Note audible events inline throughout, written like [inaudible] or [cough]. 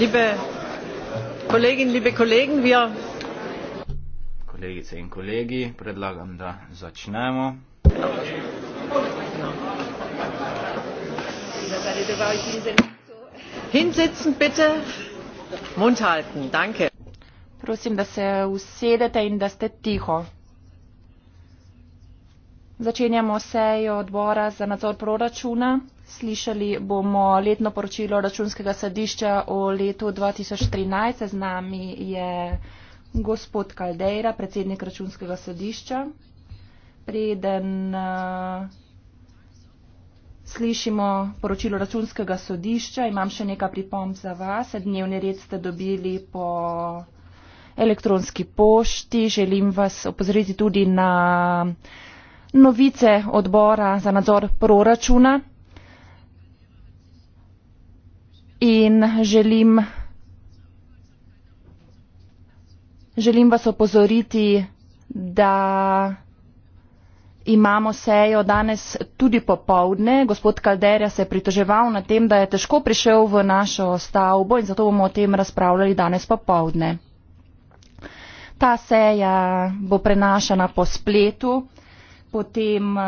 liebe kolleginnen liebe kollegen wir Kolegice in kolegi, predlagam, da začnemo. Hinsitzen, bitte. Mund halten, danke. Prosim, da se usedete in da ste tiho. Začenjamo sejo odbora za nadzor proračuna. Slišali bomo letno poročilo računskega sadišča o letu 2013. Z nami je gospod Kaldejra, predsednik računskega sadišča. Preden uh, slišimo poročilo računskega sodišča, imam še nekaj pripomb za vas. Dnevni red ste dobili po elektronski pošti. Želim vas opozoriti tudi na novice odbora za nadzor proračuna in želim vas opozoriti da imamo sejo danes tudi popoldne gospod caldeira se je pritoževal nad tem da je težko prišel v našo stavbo in zato bomo o tem razpravljali danes popoldne. ta seja bo prenašana po spletu Potem eh,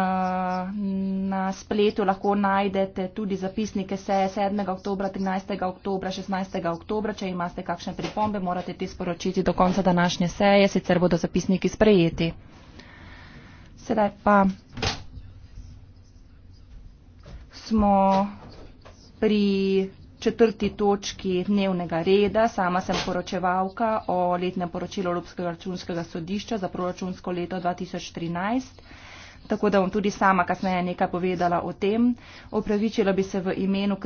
na spletu lahko najdete tudi zapisnike seje 7. oktober, 13. oktober, 16. oktober. Če imate kakšne pripombe, morate te sporočiti do konca današnje seje, sicer bodo zapisniki sprejeti. Sedaj pa smo pri četrti točki dnevnega reda. Sama sem poročevalka o letnem poročilu Evropskega računskega sodišča za proračunsko leto 2013 tako da bom tudi sama kasneje nekaj povedala o tem. Opravičila bi se v imenu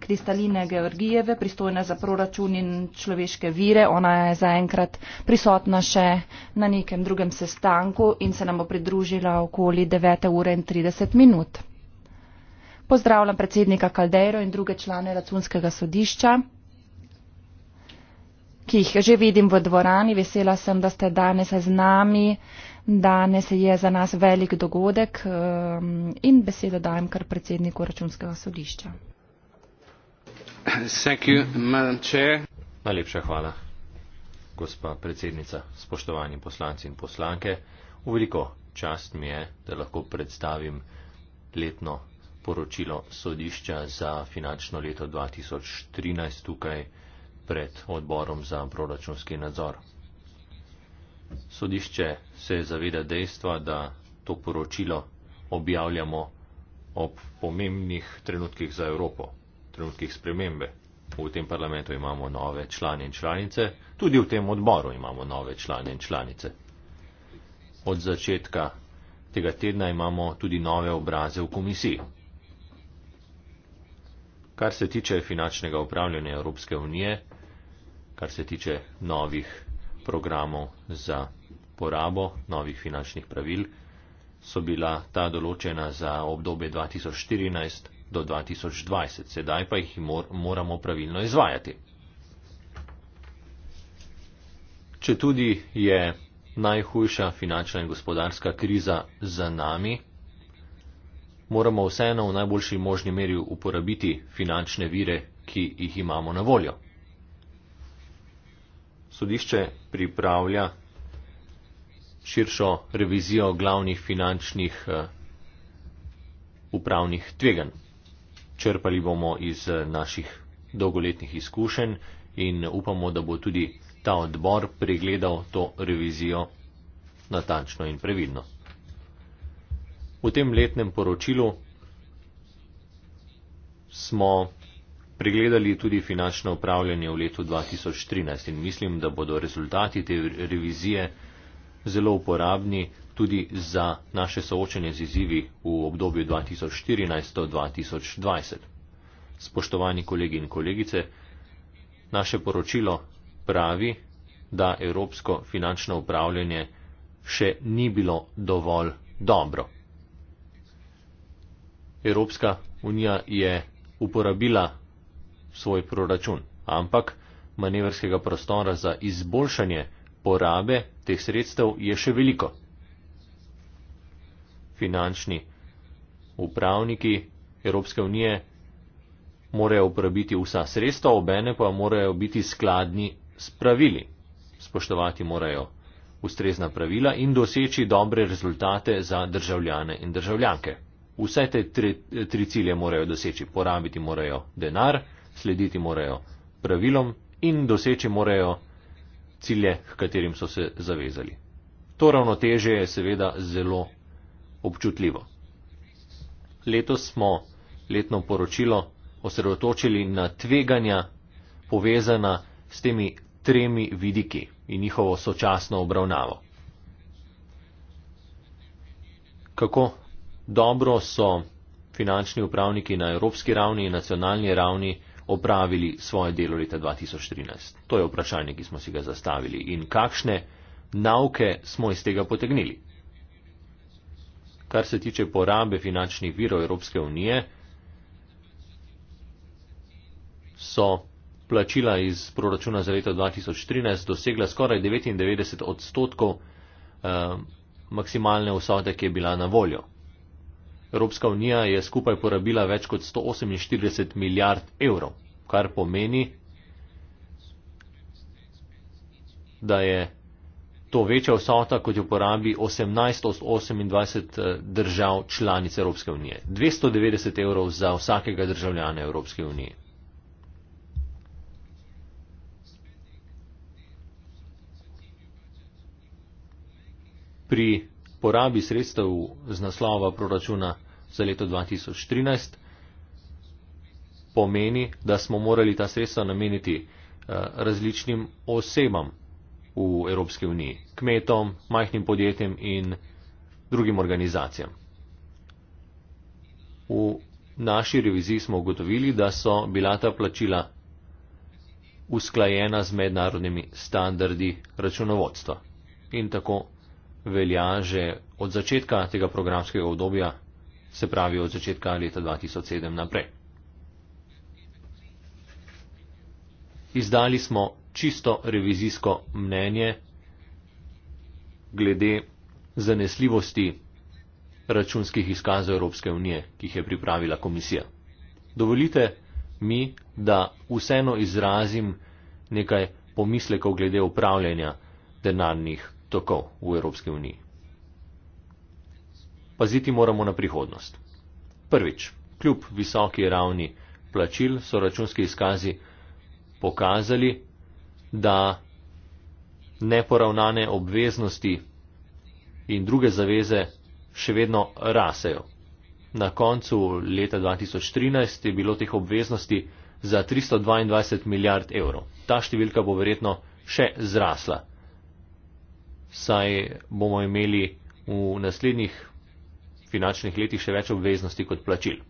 Kristaline Georgijeve, pristojne za proračun in človeške vire. Ona je zaenkrat prisotna še na nekem drugem sestanku in se nam bo pridružila okoli 9. ure in 30 minut. Pozdravljam predsednika Kaldero in druge člane Racunskega sodišča ki jih že vidim v dvorani. Vesela sem, da ste danes z nami. Danes je za nas velik dogodek um, in besedo dajem kar predsedniku računskega sodišča. You, Najlepša hvala, gospa predsednica, spoštovani poslanci in poslanke. V veliko čast mi je, da lahko predstavim letno poročilo sodišča za finančno leto 2013 tukaj pred odborom za proračunski nadzor. Sodišče se zaveda dejstva, da to poročilo objavljamo ob pomembnih trenutkih za Evropo, trenutkih spremembe. V tem parlamentu imamo nove člane in članice, tudi v tem odboru imamo nove člane in članice. Od začetka tega tedna imamo tudi nove obraze v komisiji. Kar se tiče finančnega upravljanja Evropske unije, kar se tiče novih programov za porabo novih finančnih pravil, so bila ta določena za obdobje 2014 do 2020. Sedaj pa jih mor moramo pravilno izvajati. Če tudi je najhujša finančna in gospodarska kriza za nami, moramo vseeno v najboljši možni meri uporabiti finančne vire, ki jih imamo na voljo sodišče pripravlja širšo revizijo glavnih finančnih eh, upravnih tveganj. Črpali bomo iz eh, naših dolgoletnih izkušenj in upamo, da bo tudi ta odbor pregledal to revizijo natančno in previdno. V tem letnem poročilu smo pregledali tudi finančno upravljanje v letu 2013 in mislim, da bodo rezultati te revizije zelo uporabni tudi za naše soočanje z izzivi v obdobju 2014-2020. Spoštovani kolegi in kolegice, naše poročilo pravi, da evropsko finančno upravljanje še ni bilo dovolj dobro. Evropska unija je uporabila svoj proračun, ampak manevrskega prostora za izboljšanje porabe teh sredstev je še veliko. Finančni upravniki Evropske unije morajo uporabiti vsa sredstva, obene pa morajo biti skladni s pravili. Spoštovati morajo ustrezna pravila in doseči dobre rezultate za državljane in državljanke. Vse te tri, tri cilje morajo doseči. Porabiti morajo denar, slediti morajo pravilom in doseči morajo cilje, k katerim so se zavezali. To ravnoteže je seveda zelo občutljivo. Letos smo letno poročilo osredotočili na tveganja povezana s temi tremi vidiki in njihovo sočasno obravnavo. Kako dobro so finančni upravniki na evropski ravni in nacionalni ravni opravili svoje delo leta 2013? To je vprašanje, ki smo si ga zastavili in kakšne nauke smo iz tega potegnili. Kar se tiče porabe finančnih virov Evropske unije, so plačila iz proračuna za leto 2013 dosegla skoraj 99 odstotkov eh, maksimalne vsote, ki je bila na voljo. Evropska unija je skupaj porabila več kot 148 milijard evrov kar pomeni, da je to večja vsota, kot jo porabi 18 od 28 eh, držav članic Evropske unije. 290 evrov za vsakega državljana Evropske unije. Pri porabi sredstev z naslova proračuna za leto 2013 pomeni, da smo morali ta sredstva nameniti eh, različnim osebam v Evropski uniji, kmetom, majhnim podjetjem in drugim organizacijam. V naši reviziji smo ugotovili, da so bila ta plačila usklajena z mednarodnimi standardi računovodstva. In tako velja že od začetka tega programskega obdobja, se pravi od začetka leta 2007 naprej. izdali smo čisto revizijsko mnenje glede zanesljivosti računskih izkazov Evropske unije, ki jih je pripravila komisija. Dovolite mi, da vseeno izrazim nekaj pomislekov glede upravljanja denarnih tokov v Evropski uniji. Paziti moramo na prihodnost. Prvič, kljub visoki ravni plačil so računski izkazi pokazali, da neporavnane obveznosti in druge zaveze še vedno rasejo. Na koncu leta 2013 je bilo teh obveznosti za 322 milijard evrov. Ta številka bo verjetno še zrasla. Saj bomo imeli v naslednjih finančnih letih še več obveznosti kot plačil.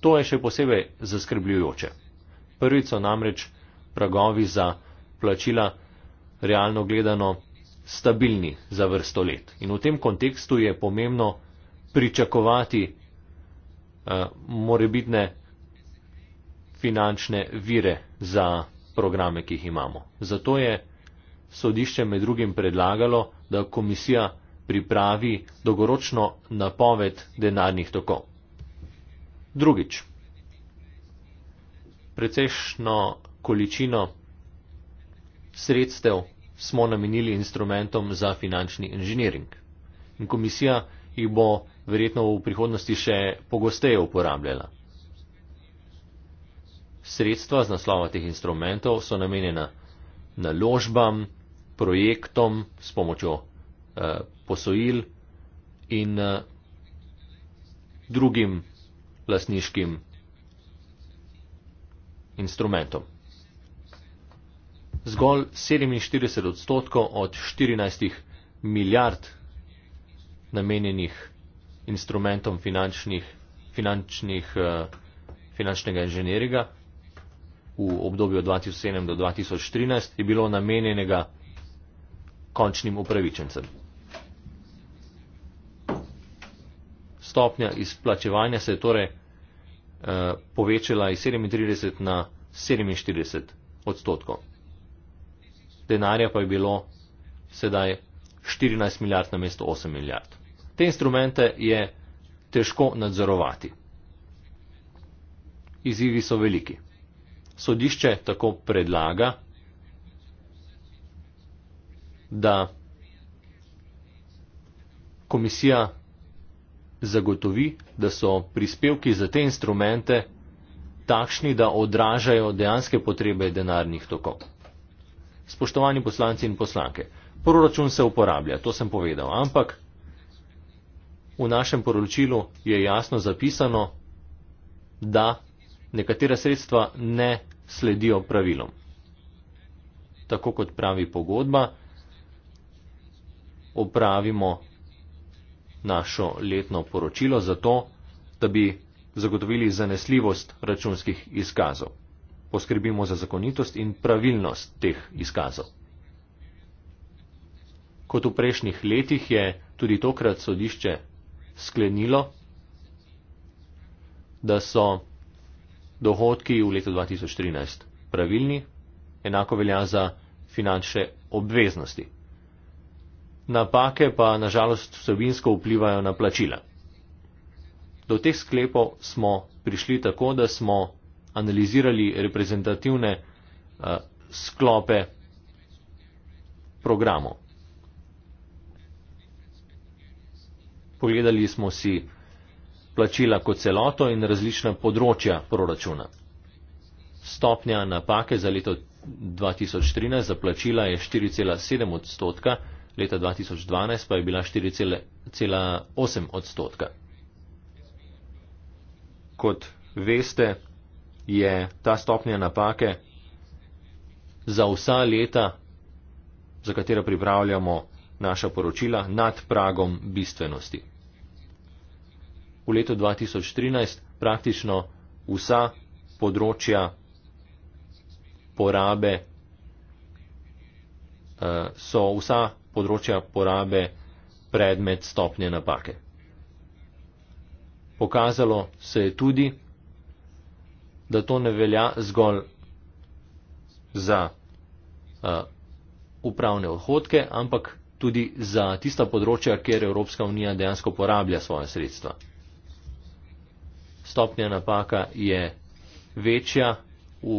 To je še posebej zaskrbljujoče. Prvico namreč pragovi za plačila realno gledano stabilni za vrsto let. In v tem kontekstu je pomembno pričakovati uh, morebitne finančne vire za programe, ki jih imamo. Zato je sodišče med drugim predlagalo, da komisija pripravi dolgoročno napoved denarnih tokov. Drugič, precejšno količino sredstev smo namenili instrumentom za finančni inženiring. In komisija jih bo verjetno v prihodnosti še pogosteje uporabljala. Sredstva z naslova teh instrumentov so namenjena naložbam, projektom s pomočjo eh, posojil in eh, drugim lasniškim instrumentom zgolj 47 odstotkov od 14 milijard namenjenih instrumentom finančnih, finančnih, eh, finančnega inženiriga v obdobju 2007 do 2013 je bilo namenjenega končnim upravičencem. Stopnja izplačevanja se je torej eh, povečala iz 37 na 47 odstotkov denarja pa je bilo sedaj 14 milijard na mesto 8 milijard. Te instrumente je težko nadzorovati. Izivi so veliki. Sodišče tako predlaga, da komisija zagotovi, da so prispevki za te instrumente takšni, da odražajo dejanske potrebe denarnih tokov spoštovani poslanci in poslanke, proračun se uporablja, to sem povedal, ampak v našem poročilu je jasno zapisano, da nekatera sredstva ne sledijo pravilom. Tako kot pravi pogodba, opravimo našo letno poročilo zato, da bi zagotovili zanesljivost računskih izkazov poskrbimo za zakonitost in pravilnost teh izkazov. Kot v prejšnjih letih je tudi tokrat sodišče sklenilo, da so dohodki v letu 2013 pravilni, enako velja za finančne obveznosti. Napake pa nažalost vsebinsko vplivajo na plačila. Do teh sklepov smo prišli tako, da smo analizirali reprezentativne uh, sklope programov. Pogledali smo si plačila kot celoto in različna področja proračuna. Stopnja napake za leto 2013 za plačila je 4,7 odstotka, leta 2012 pa je bila 4,8 odstotka. Kot veste, je ta stopnja napake za vsa leta, za katera pripravljamo naša poročila, nad pragom bistvenosti. V letu 2013 praktično vsa področja porabe eh, so vsa področja porabe predmet stopnje napake. Pokazalo se je tudi, da to ne velja zgolj za uh, upravne odhodke, ampak tudi za tista področja, kjer Evropska unija dejansko porablja svoje sredstva. Stopnja napaka je večja v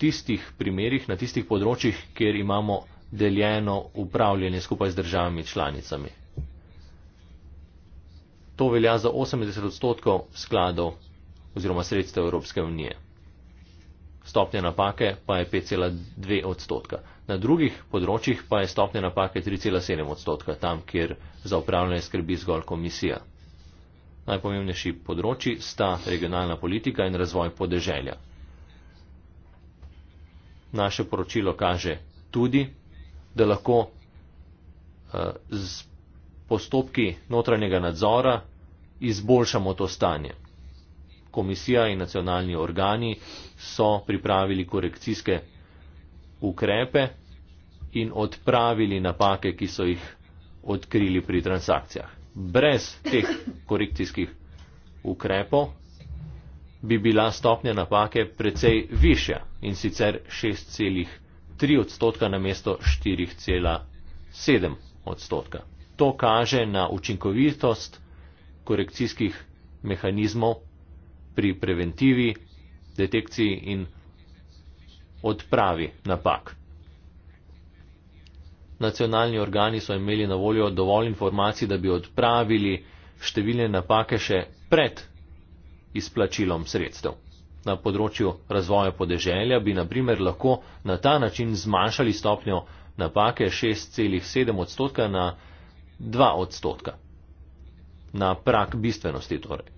tistih primerjih, na tistih področjih, kjer imamo deljeno upravljanje skupaj z državami članicami. To velja za 80 odstotkov skladov oziroma sredstev Evropske unije stopnja napake pa je 5,2 odstotka. Na drugih področjih pa je stopnja napake 3,7 odstotka, tam, kjer za upravljanje skrbi zgolj komisija. Najpomembnejši področji sta regionalna politika in razvoj podeželja. Naše poročilo kaže tudi, da lahko z eh, postopki notranjega nadzora izboljšamo to stanje komisija in nacionalni organi so pripravili korekcijske ukrepe in odpravili napake, ki so jih odkrili pri transakcijah. Brez teh korekcijskih ukrepov bi bila stopnja napake precej višja in sicer 6,3 odstotka na mesto 4,7 odstotka. To kaže na učinkovitost korekcijskih mehanizmov pri preventivi, detekciji in odpravi napak. Nacionalni organi so imeli na voljo dovolj informacij, da bi odpravili številne napake še pred izplačilom sredstev. Na področju razvoja podeželja bi na primer lahko na ta način zmanjšali stopnjo napake 6,7 odstotka na 2 odstotka. Na prak bistvenosti torej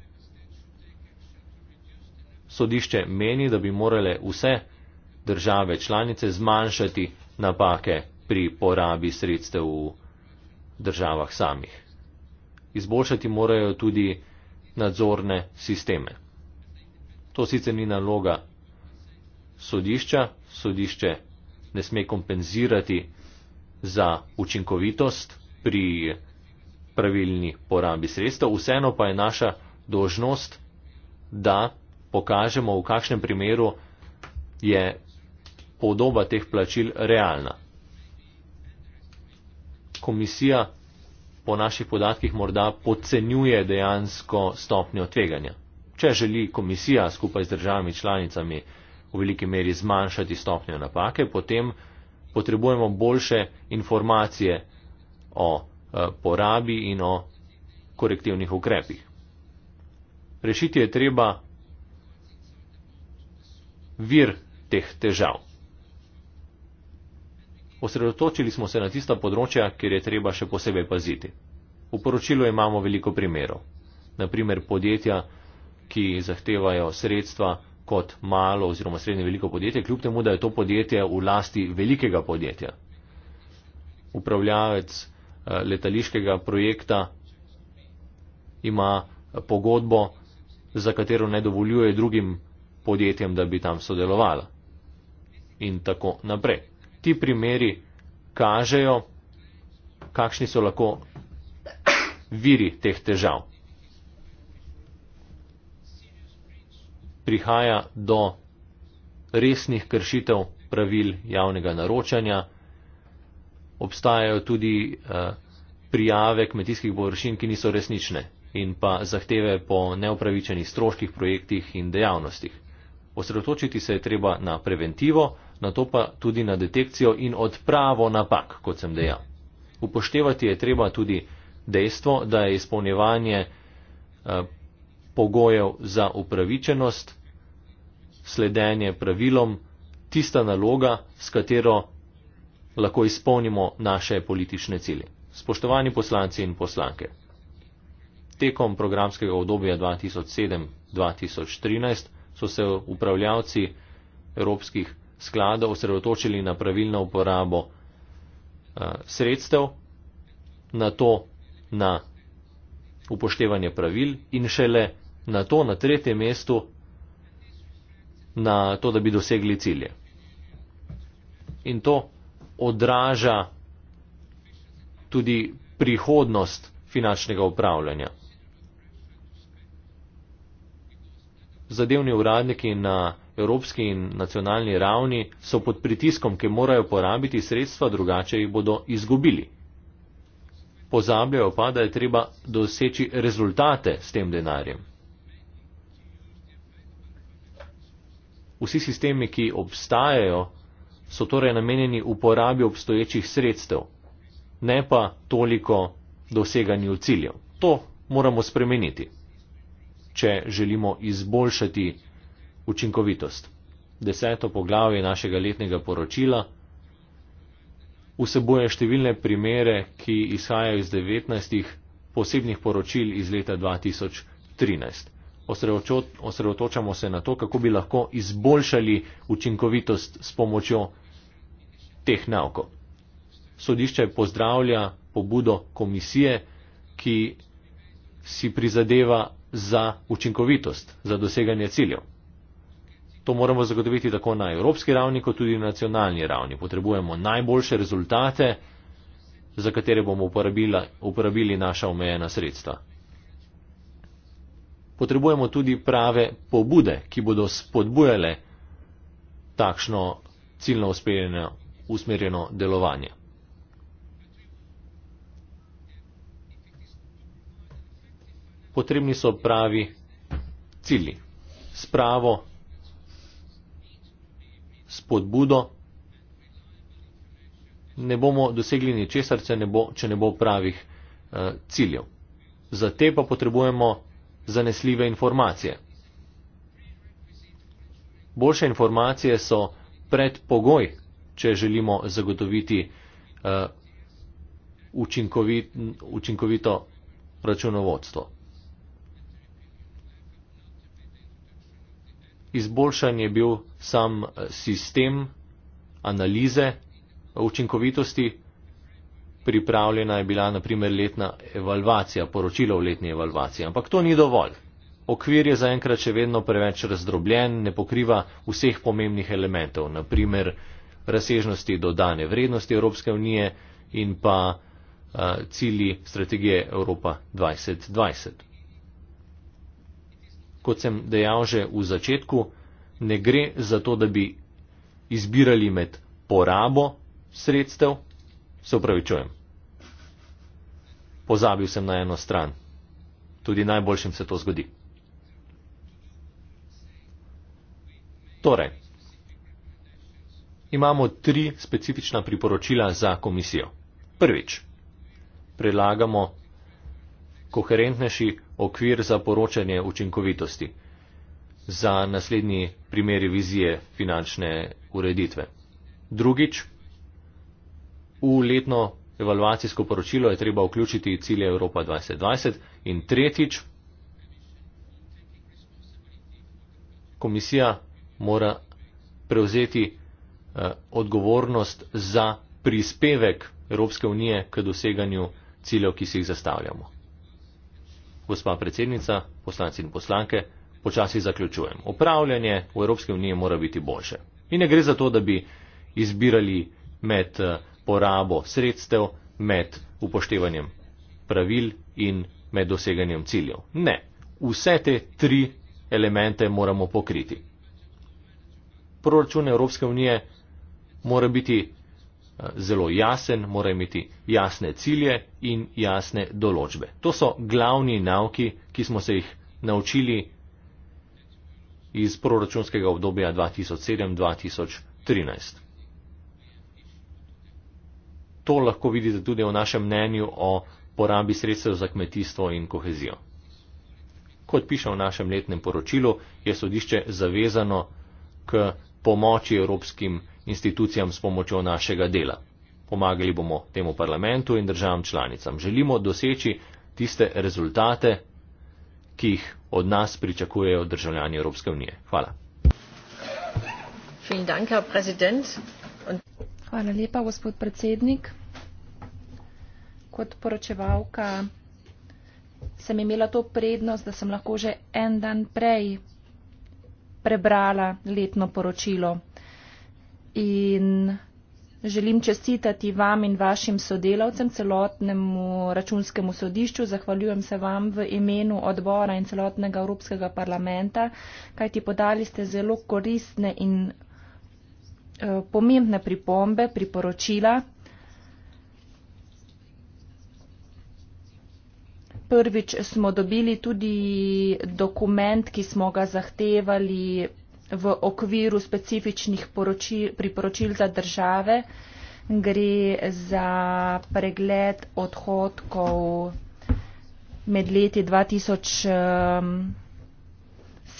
sodišče meni, da bi morale vse države članice zmanjšati napake pri porabi sredstev v državah samih. Izboljšati morajo tudi nadzorne sisteme. To sicer ni naloga sodišča, sodišče ne sme kompenzirati za učinkovitost pri pravilni porabi sredstev, vseeno pa je naša dožnost, da pokažemo, v kakšnem primeru je podoba teh plačil realna. Komisija po naših podatkih morda podcenjuje dejansko stopnjo tveganja. Če želi komisija skupaj z državami članicami v veliki meri zmanjšati stopnjo napake, potem potrebujemo boljše informacije o eh, porabi in o korektivnih ukrepih. Rešiti je treba vir teh težav. Osredotočili smo se na tista področja, kjer je treba še posebej paziti. V poročilu imamo veliko primerov. Naprimer podjetja, ki zahtevajo sredstva kot malo oziroma srednje veliko podjetje, kljub temu, da je to podjetje v lasti velikega podjetja. Upravljavec eh, letališkega projekta ima pogodbo, za katero ne dovoljuje drugim podjetjem, da bi tam sodelovala. In tako naprej. Ti primeri kažejo, kakšni so lahko viri teh težav. Prihaja do resnih kršitev pravil javnega naročanja, obstajajo tudi eh, prijave kmetijskih površin, ki niso resnične in pa zahteve po neupravičenih stroških projektih in dejavnostih. Osredotočiti se je treba na preventivo, na to pa tudi na detekcijo in odpravo napak, kot sem dejal. Upoštevati je treba tudi dejstvo, da je izpolnjevanje eh, pogojev za upravičenost, sledenje pravilom, tista naloga, s katero lahko izpolnimo naše politične cilje. Spoštovani poslanci in poslanke, tekom programskega obdobja 2007-2013 so se upravljavci evropskih skladov osredotočili na pravilno uporabo eh, sredstev, na to na upoštevanje pravil in šele na to na tretjem mestu na to, da bi dosegli cilje. In to odraža tudi prihodnost finančnega upravljanja. zadevni uradniki na evropski in nacionalni ravni so pod pritiskom, ki morajo porabiti sredstva, drugače jih bodo izgubili. Pozabljajo pa, da je treba doseči rezultate s tem denarjem. Vsi sistemi, ki obstajajo, so torej namenjeni uporabi obstoječih sredstev, ne pa toliko doseganju ciljev. To moramo spremeniti če želimo izboljšati učinkovitost. Deseto poglavje našega letnega poročila vsebuje številne primere, ki izhajajo iz 19 posebnih poročil iz leta 2013. Osredotočamo se na to, kako bi lahko izboljšali učinkovitost s pomočjo teh naukov. Sodišče pozdravlja pobudo komisije, ki si prizadeva za učinkovitost, za doseganje ciljev. To moramo zagotoviti tako na evropski ravni, kot tudi na nacionalni ravni. Potrebujemo najboljše rezultate, za katere bomo uporabila, uporabili naša omejena sredstva. Potrebujemo tudi prave pobude, ki bodo spodbujale takšno ciljno usmerjeno delovanje. potrebni so pravi cilji. Spravo, spodbudo, ne bomo dosegli ničesar, če, če ne bo pravih eh, ciljev. Za te pa potrebujemo zanesljive informacije. Boljše informacije so predpogoj, če želimo zagotoviti eh, učinkovit, učinkovito računovodstvo. izboljšan je bil sam eh, sistem analize učinkovitosti, pripravljena je bila naprimer letna evalvacija, poročilo o letni evalvaciji, ampak to ni dovolj. Okvir je zaenkrat še vedno preveč razdrobljen, ne pokriva vseh pomembnih elementov, naprimer razsežnosti dodane vrednosti Evropske unije in pa uh, cilji strategije Evropa 2020 kot sem dejal že v začetku, ne gre za to, da bi izbirali med porabo sredstev, se upravičujem. Pozabil sem na eno stran. Tudi najboljšim se to zgodi. Torej, imamo tri specifična priporočila za komisijo. Prvič, predlagamo koherentnejši okvir za poročanje učinkovitosti za naslednji primeri vizije finančne ureditve. Drugič, v letno evalvacijsko poročilo je treba vključiti cilje Evropa 2020 in tretjič, komisija mora prevzeti eh, odgovornost za prispevek Evropske unije k doseganju ciljev, ki si jih zastavljamo gospa predsednica, poslanci in poslanke, počasi zaključujem. Upravljanje v Evropske unije mora biti boljše. In ne gre za to, da bi izbirali med eh, porabo sredstev, med upoštevanjem pravil in med doseganjem ciljev. Ne. Vse te tri elemente moramo pokriti. Proračun Evropske unije mora biti zelo jasen, mora imeti jasne cilje in jasne določbe. To so glavni nauki, ki smo se jih naučili iz proračunskega obdobja 2007-2013. To lahko vidite tudi v našem mnenju o porabi sredstev za kmetijstvo in kohezijo. Kot piše v našem letnem poročilu, je sodišče zavezano k pomoči evropskim kmetijstvom institucijam s pomočjo našega dela. Pomagali bomo temu parlamentu in državam članicam. Želimo doseči tiste rezultate, ki jih od nas pričakujejo državljani Evropske unije. Hvala. Hvala lepa, gospod predsednik. Kot poročevalka sem imela to prednost, da sem lahko že en dan prej prebrala letno poročilo in želim čestitati vam in vašim sodelavcem, celotnemu računskemu sodišču. Zahvaljujem se vam v imenu odbora in celotnega Evropskega parlamenta, kajti podali ste zelo koristne in eh, pomembne pripombe, priporočila. Prvič smo dobili tudi dokument, ki smo ga zahtevali v okviru specifičnih poročil, priporočil za države, gre za pregled odhodkov med leti 2007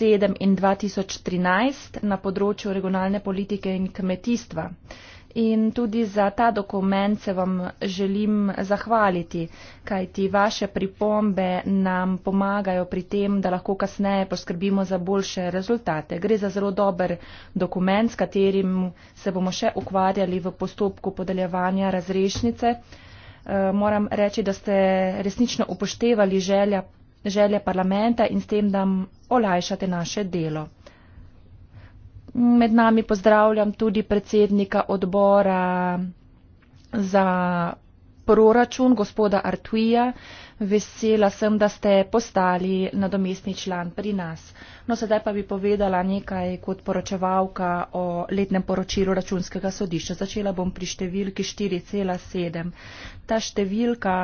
ehm, in 2013 na področju regionalne politike in kmetijstva. In tudi za ta dokument se vam želim zahvaliti, kajti vaše pripombe nam pomagajo pri tem, da lahko kasneje poskrbimo za boljše rezultate. Gre za zelo dober dokument, s katerim se bomo še ukvarjali v postopku podeljevanja razrešnice. Eh, moram reči, da ste resnično upoštevali želje parlamenta in s tem nam olajšate naše delo. Med nami pozdravljam tudi predsednika odbora za proračun, gospoda Artuija. Vesela sem, da ste postali nadomestni član pri nas. No, sedaj pa bi povedala nekaj kot poročevalka o letnem poročilu računskega sodišča. Začela bom pri številki 4,7. Ta številka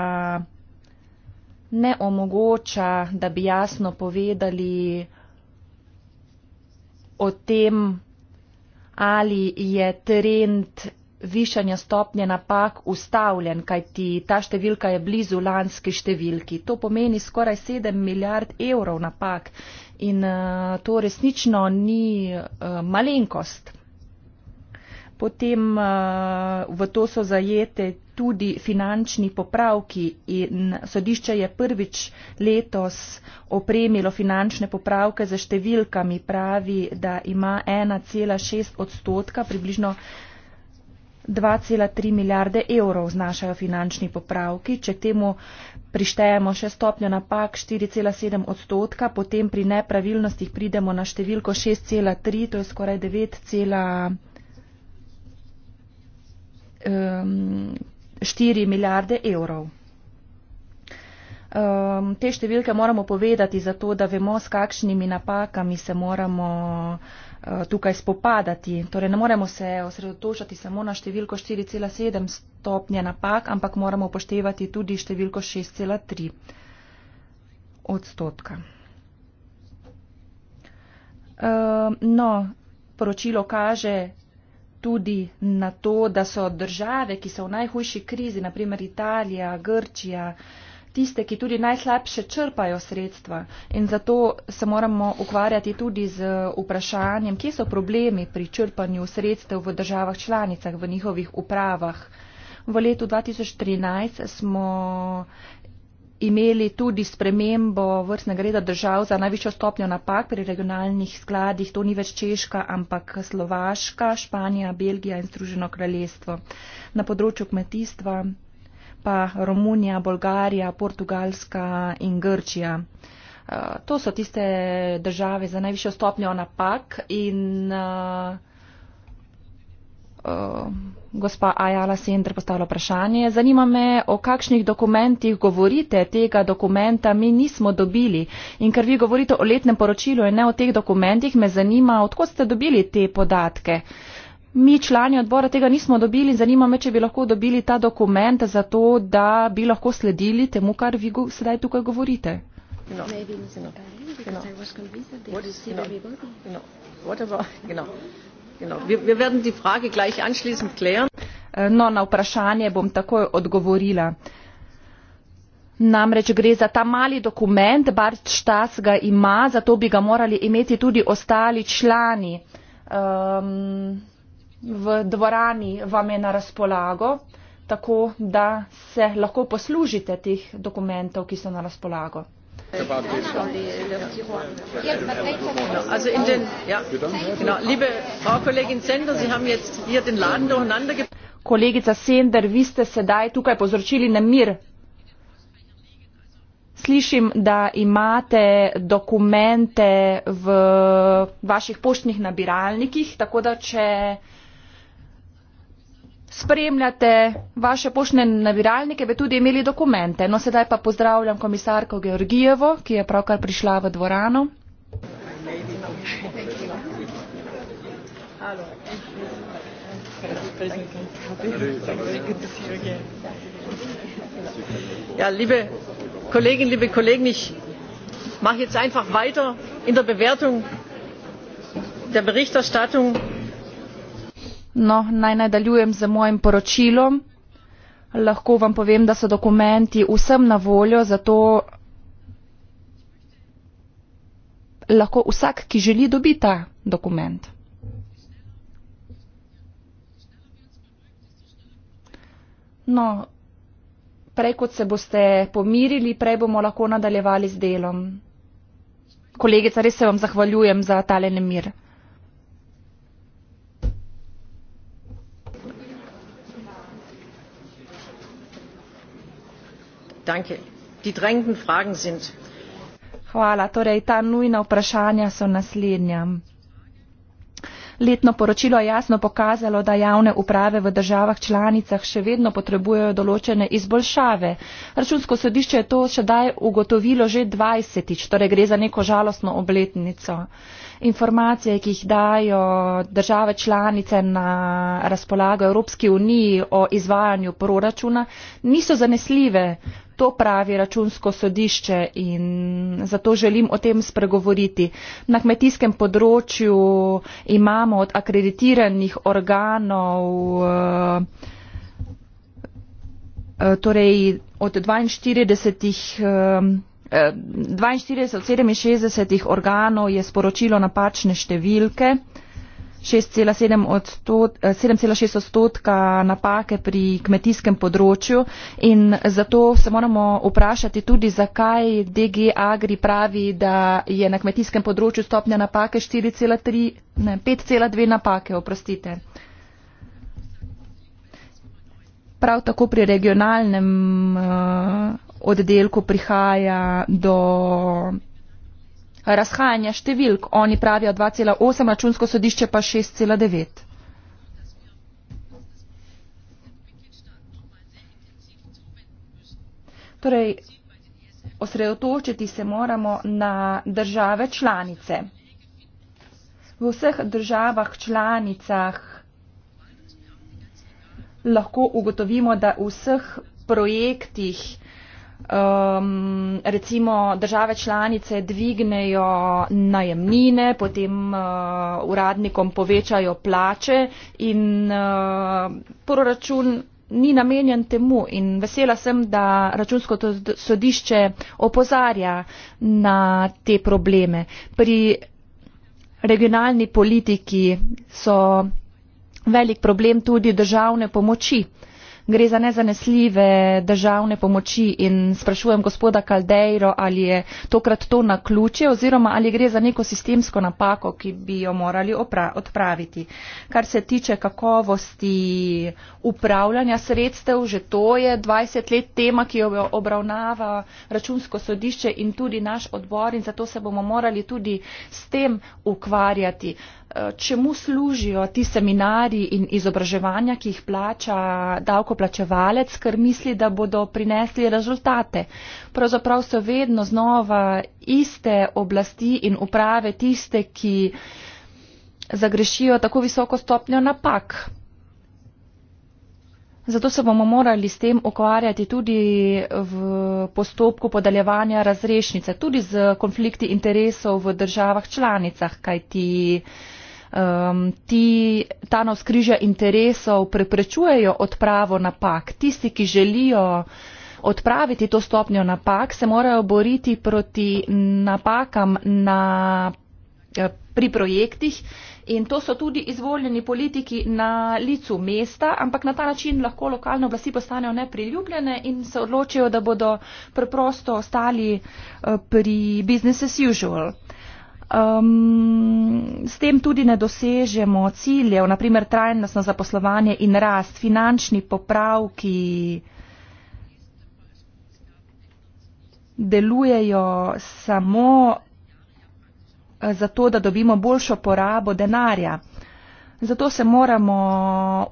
ne omogoča, da bi jasno povedali, o tem, ali je trend višanja stopnje napak ustavljen, kajti ta številka je blizu lanski številki. To pomeni skoraj 7 milijard evrov napak in uh, to resnično ni uh, malenkost. Potem eh, v to so zajete tudi finančni popravki in sodišče je prvič letos opremilo finančne popravke za številkami. Pravi, da ima 1,6 odstotka, približno 2,3 milijarde evrov znašajo finančni popravki. Če temu prištejemo še stopnjo napak 4,7 odstotka, potem pri nepravilnostih pridemo na številko 6,3, to je skoraj 9,5 um, ehm, 4 milijarde evrov. Um, te številke moramo povedati zato, da vemo, s kakšnimi napakami se moramo uh, tukaj spopadati. Torej, ne moremo se osredotočati samo na številko 4,7 stopnje napak, ampak moramo upoštevati tudi številko 6,3 odstotka. Uh, no, poročilo kaže, tudi na to, da so države, ki so v najhujši krizi, naprimer Italija, Grčija, tiste, ki tudi najslabše črpajo sredstva. In zato se moramo ukvarjati tudi z vprašanjem, kje so problemi pri črpanju sredstev v državah članicah, v njihovih upravah. V letu 2013 smo imeli tudi spremembo vrstnega reda držav za najvišjo stopnjo napak pri regionalnih skladih. To ni več Češka, ampak Slovaška, Španija, Belgija in Združeno kraljestvo. Na področju kmetijstva pa Romunija, Bolgarija, Portugalska in Grčija. Eh, to so tiste države za najvišjo stopnjo napak in uh, Eh, gospa Ajala Sender postavila vprašanje. Zanima me, o kakšnih dokumentih govorite, tega dokumenta mi nismo dobili. In ker vi govorite o letnem poročilu in ne o teh dokumentih, me zanima, odkot ste dobili te podatke. Mi člani odbora tega nismo dobili, zanima me, če bi lahko dobili ta dokument za to, da bi lahko sledili temu, kar vi go sedaj tukaj govorite. No. No. No. No. Wir werden die Frage gleich anschließend klären. Eh, no, na vprašanje bom takoj odgovorila. Namreč gre za ta mali dokument, Barčtas ga ima, zato bi ga morali imeti tudi ostali člani. Um, v dvorani vam je na razpolago, tako da se lahko poslužite teh dokumentov, ki so na razpolago. Äh, äh, ja, also in den, ja, genau, liebe Frau Kollegin Sender, Sie haben jetzt hier den Laden durcheinander Kolegica Sender, vi ste sedaj tukaj povzročili nemir. Slišim, da imate dokumente v vaših poštnih nabiralnikih, tako da če spremljate vaše poštne nabiralnike, bi tudi imeli dokumente. No, sedaj pa pozdravljam komisarko Georgijevo, ki je pravkar prišla v dvorano. Ja, liebe Kolleginnen, liebe Kollegen, ich mache jetzt einfach weiter in der Bewertung der Berichterstattung. No, naj nadaljujem z mojim poročilom. Lahko vam povem, da so dokumenti vsem na voljo, zato lahko vsak, ki želi, dobi ta dokument. No, prej kot se boste pomirili, prej bomo lahko nadaljevali z delom. Kolegica, res se vam zahvaljujem za tale nemir. Hvala. Torej, ta nujna vprašanja so naslednja. Letno poročilo je jasno pokazalo, da javne uprave v državah članicah še vedno potrebujejo določene izboljšave. Računsko sodišče je to sedaj ugotovilo že 20-tič, torej gre za neko žalostno obletnico. Informacije, ki jih dajo države članice na razpolago Evropski uniji o izvajanju proračuna, niso zanesljive to pravi računsko sodišče in zato želim o tem spregovoriti. Na kmetijskem področju imamo od akreditiranih organov, eh, eh, torej od 42. 42 od 67 organov je sporočilo napačne številke. 7,6 eh, odstotka napake pri kmetijskem področju in zato se moramo vprašati tudi, zakaj DG Agri pravi, da je na kmetijskem področju stopnja napake 5,2 napake. Oprostite. Prav tako pri regionalnem uh, oddelku prihaja do razhajanja številk. Oni pravijo 2,8, računsko sodišče pa 6,9. Torej, osredotočiti se moramo na države članice. V vseh državah članicah lahko ugotovimo, da v vseh projektih eh, um, recimo države članice dvignejo najemnine, potem uh, uradnikom povečajo plače in uh, proračun ni namenjen temu in vesela sem, da računsko sodišče opozarja na te probleme. Pri regionalni politiki so velik problem tudi državne pomoči gre za nezanesljive državne pomoči in sprašujem gospoda Kaldejro, ali je tokrat to na ključe oziroma ali gre za neko sistemsko napako, ki bi jo morali odpraviti. Kar se tiče kakovosti upravljanja sredstev, že to je 20 let tema, ki jo obravnava računsko sodišče in tudi naš odbor in zato se bomo morali tudi s tem ukvarjati. Eh, čemu služijo ti seminari in izobraževanja, ki jih plača davkoplačevalec, ker misli, da bodo prinesli rezultate. Pravzaprav so vedno znova iste oblasti in uprave tiste, ki zagrešijo tako visoko stopnjo napak. Zato se bomo morali s tem ukvarjati tudi v postopku podaljevanja razrešnice, tudi z konflikti interesov v državah članicah, kajti uh, um, ti, ta navskrižja interesov preprečujejo odpravo napak. Tisti, ki želijo odpraviti to stopnjo napak, se morajo boriti proti napakam na, eh, pri projektih. In to so tudi izvoljeni politiki na licu mesta, ampak na ta način lahko lokalne oblasti postanejo nepriljubljene in se odločijo, da bodo preprosto ostali eh, pri business as usual. Um, s tem tudi ne dosežemo ciljev, naprimer trajnostno zaposlovanje in rast, finančni popravki delujejo samo eh, zato, da dobimo boljšo porabo denarja. Zato se moramo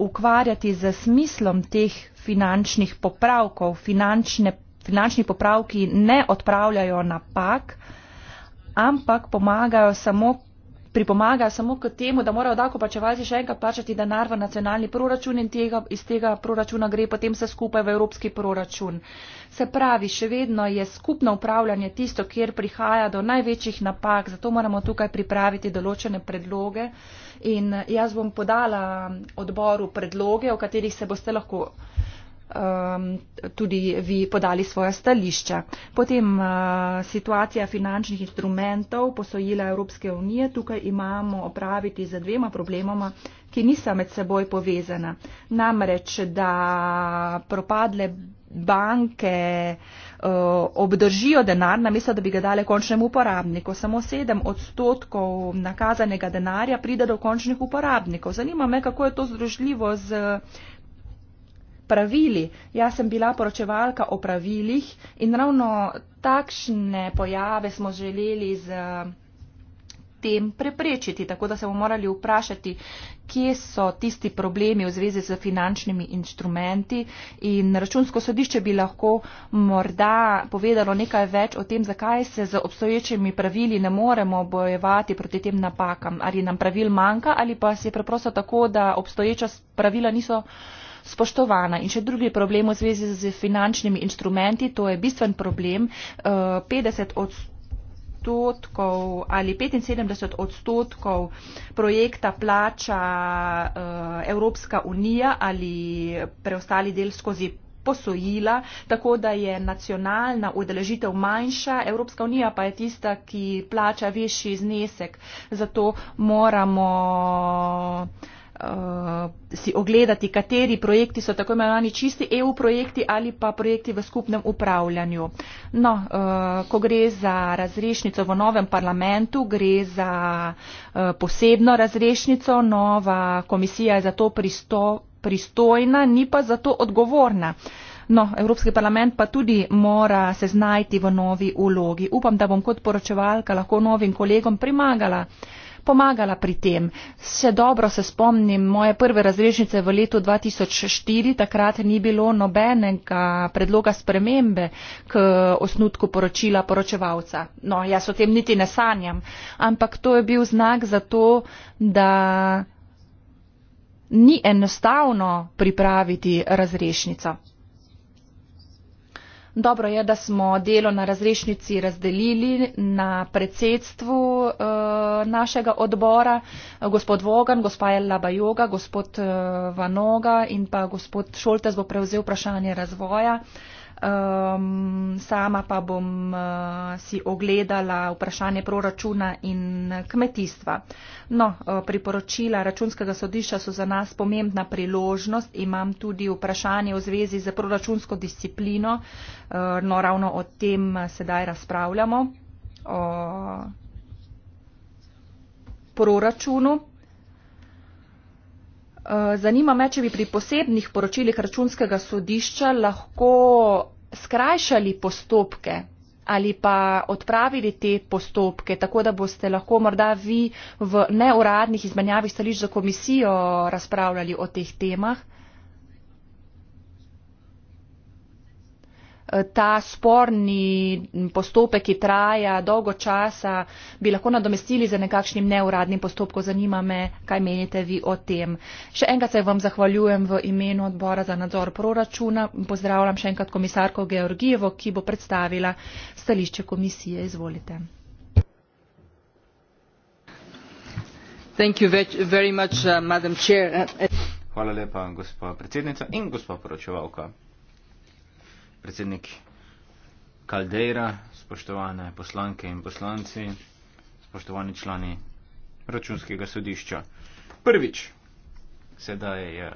ukvarjati z smislom teh finančnih popravkov. Finančne, finančni popravki ne odpravljajo napak, ampak pomagajo samo, pripomagajo samo k temu, da morajo davkoplačevalci še enkrat plačati denar v nacionalni proračun in tega, iz tega proračuna gre potem vse skupaj v evropski proračun. Se pravi, še vedno je skupno upravljanje tisto, kjer prihaja do največjih napak, zato moramo tukaj pripraviti določene predloge in jaz bom podala odboru predloge, o katerih se boste lahko. Um, tudi vi podali svoja stališča. Potem uh, situacija finančnih instrumentov, posojila Evropske unije, tukaj imamo opraviti z dvema problemoma, ki nisa med seboj povezana. Namreč, da propadle banke uh, obdržijo denar, namesto da bi ga dale končnemu uporabniku. Samo sedem odstotkov nakazanega denarja pride do končnih uporabnikov. Zanima me, kako je to združljivo z pravili. Jaz sem bila poročevalka o pravilih in ravno takšne pojave smo želeli z eh, tem preprečiti, tako da se bomo morali vprašati, kje so tisti problemi v zvezi z finančnimi instrumenti in računsko sodišče bi lahko morda povedalo nekaj več o tem, zakaj se z obstoječimi pravili ne moremo bojevati proti tem napakam, ali nam pravil manjka ali pa se je preprosto tako, da obstoječa pravila niso spoštovana. In še drugi problem v zvezi z finančnimi instrumenti, to je bistven problem. 50 eh, odstotkov ali 75 odstotkov projekta plača eh, Evropska unija ali preostali del skozi. Posojila, tako da je nacionalna udeležitev manjša, Evropska unija pa je tista, ki plača višji znesek. Zato moramo. Eh, si ogledati, kateri projekti so tako imenovani čisti EU projekti ali pa projekti v skupnem upravljanju. No, eh, ko gre za razrešnico v novem parlamentu, gre za eh, posebno razrešnico, nova komisija je za to pristo, pristojna, ni pa za to odgovorna. No, Evropski parlament pa tudi mora se znajti v novi ulogi. Upam, da bom kot poročevalka lahko novim kolegom primagala. Uh, pomagala pri tem. Se dobro se spomnim moje prve razrešnice v letu 2004, takrat ni bilo nobenega predloga spremembe k osnutku poročila poročevalca. No, jaz o tem niti ne sanjam, ampak to je bil znak za to, da ni enostavno pripraviti razrešnico. Dobro je, da smo delo na razrešnici razdelili na predsedstvu eh, našega odbora. Gospod Vogan, gospa Laba Joga, gospod eh, Vanoga in pa gospod Šoltes bo prevzel vprašanje razvoja. Um, sama pa bom uh, si ogledala vprašanje proračuna in kmetijstva. No, uh, priporočila računskega sodišča so za nas pomembna priložnost. Imam tudi vprašanje v zvezi z proračunsko disciplino. Uh, no, ravno o tem sedaj razpravljamo. O proračunu. Eh, zanima me, če bi pri posebnih poročilih računskega sodišča lahko skrajšali postopke ali pa odpravili te postopke, tako da boste lahko morda vi v neuradnih izmenjavih stališč za komisijo razpravljali o teh temah. Eh, ta sporni postopek, ki traja dolgo časa, bi lahko nadomestili za nekakšnim neuradnim postopkom. Zanima me, kaj menite vi o tem. Še enkrat se vam zahvaljujem v imenu odbora za nadzor proračuna. Pozdravljam še enkrat komisarko Georgijevo, ki bo predstavila stališče komisije. Izvolite. Uh, Hvala lepa, gospa predsednica in gospa poročevalka predsednik Kaldeira, spoštovane poslanke in poslanci, spoštovani člani računskega sodišča. Prvič, sedaj je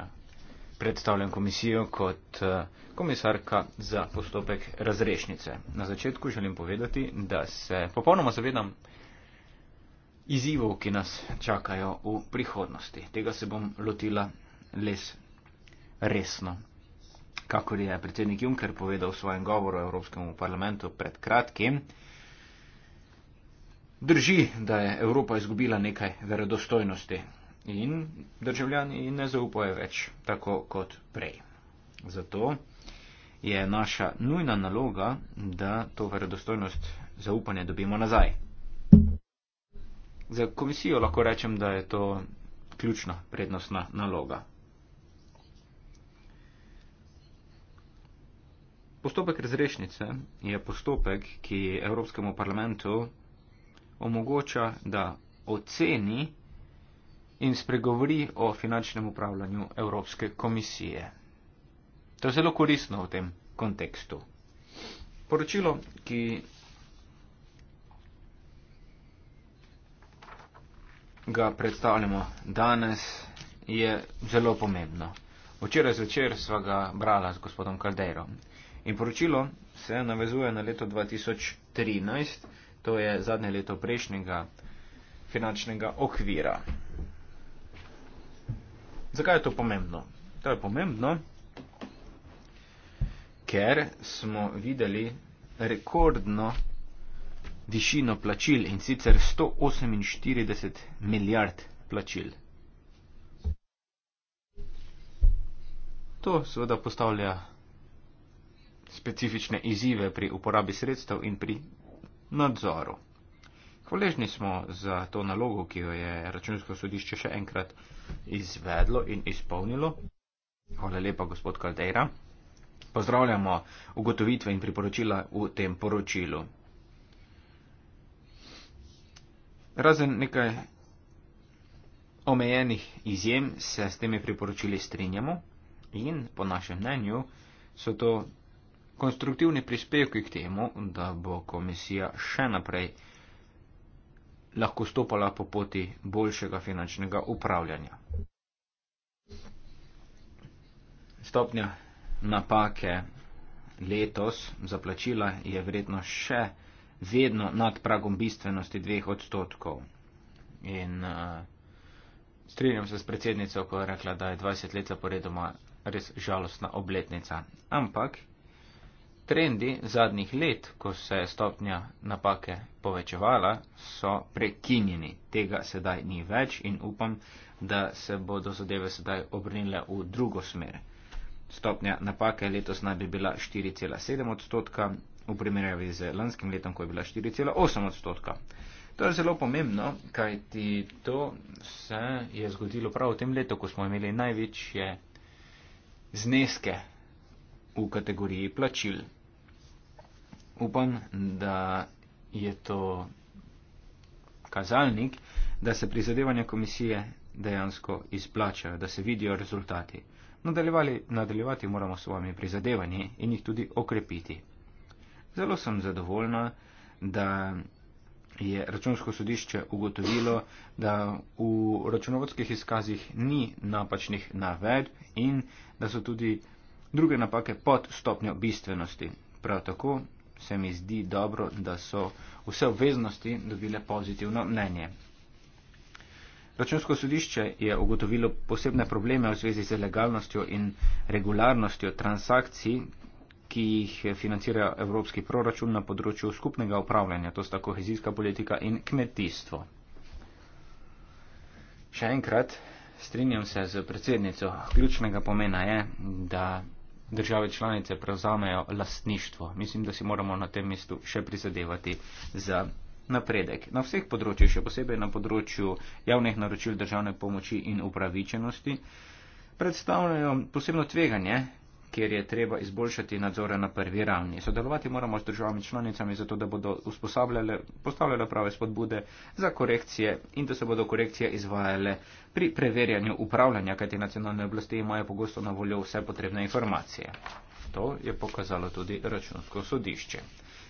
predstavljen komisijo kot eh, komisarka za postopek razrešnice. Na začetku želim povedati, da se popolnoma zavedam izzivov, ki nas čakajo v prihodnosti. Tega se bom lotila les resno kakor je predsednik Juncker povedal v svojem govoru Evropskemu parlamentu pred kratkim. Drži, da je Evropa izgubila nekaj verodostojnosti in državljani ne zaupajo več tako kot prej. Zato je naša nujna naloga, da to verodostojnost zaupanja dobimo nazaj. Za komisijo lahko rečem, da je to ključna prednostna naloga. Postopek razrešnice je postopek, ki Evropskemu parlamentu omogoča, da oceni in spregovori o finančnem upravljanju Evropske komisije. To je zelo korisno v tem kontekstu. Poročilo, ki ga predstavljamo danes, je zelo pomembno. Včeraj zvečer sva ga brala z gospodom Kaldejrom In poročilo se navezuje na leto 2013, to je zadnje leto prejšnjega finančnega okvira. Zakaj je to pomembno? To je pomembno, ker smo videli rekordno višino plačil in sicer 148 milijard plačil. To seveda postavlja specifične izzive pri uporabi sredstev in pri nadzoru. Hvaležni smo za to nalogo, ki jo je računsko sodišče še enkrat izvedlo in izpolnilo. Hvala lepa, gospod Kaldeira. Pozdravljamo ugotovitve in priporočila v tem poročilu. Razen nekaj omejenih izjem se s temi priporočili strinjamo in po našem mnenju so to konstruktivni prispevki k temu, da bo komisija še naprej lahko stopala po poti boljšega finančnega upravljanja. Stopnja napake letos za plačila je vredno še vedno nad pragom bistvenosti dveh odstotkov. In uh, strinjam se s predsednico, ko je rekla, da je 20 let zaporedoma res žalostna obletnica. Ampak trendi zadnjih let, ko se je stopnja napake povečevala, so prekinjeni. Tega sedaj ni več in upam, da se bodo zadeve sedaj obrnile v drugo smer. Stopnja napake letos naj bi bila 4,7 odstotka v primerjavi z lanskim letom, ko je bila 4,8 odstotka. To je zelo pomembno, kajti to se je zgodilo prav v tem letu, ko smo imeli največje zneske v kategoriji plačil upam, da je to kazalnik, da se prizadevanja komisije dejansko izplačajo, da se vidijo rezultati. Nadaljevali, nadaljevati moramo s svojimi prizadevanji in jih tudi okrepiti. Zelo sem zadovoljna, da je računsko sodišče ugotovilo, da v računovodskih izkazih ni napačnih navedb in da so tudi druge napake pod stopnjo bistvenosti. Prav tako se mi zdi dobro, da so vse obveznosti dobile pozitivno mnenje. Računsko sodišče je ugotovilo posebne probleme v zvezi z legalnostjo in regularnostjo transakcij, ki jih financira evropski proračun na področju skupnega upravljanja, to sta kohezijska politika in kmetijstvo. Še enkrat, strinjam se z predsednico, ključnega pomena je, da države članice prevzamejo lastništvo. Mislim, da si moramo na tem mestu še prizadevati za napredek. Na vseh področjih, še posebej na področju javnih naročil državne pomoči in upravičenosti, predstavljajo posebno tveganje, kjer je treba izboljšati nadzore na prvi ravni. Sodelovati moramo z državami članicami, zato da bodo usposabljale, postavljale prave spodbude za korekcije in da se bodo korekcije izvajale pri preverjanju upravljanja, kajti nacionalne oblasti imajo pogosto na voljo vse potrebne informacije. To je pokazalo tudi računsko sodišče.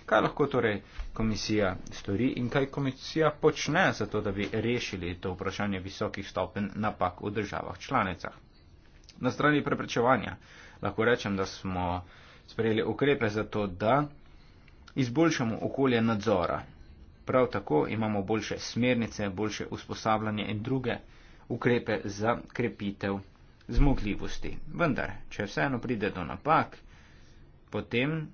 Kaj lahko torej komisija stori in kaj komisija počne za to, da bi rešili to vprašanje visokih stopen napak v državah članicah? Na strani preprečevanja lahko rečem, da smo sprejeli ukrepe za to, da izboljšamo okolje nadzora. Prav tako imamo boljše smernice, boljše usposabljanje in druge ukrepe za krepitev zmogljivosti. Vendar, če vseeno pride do napak, potem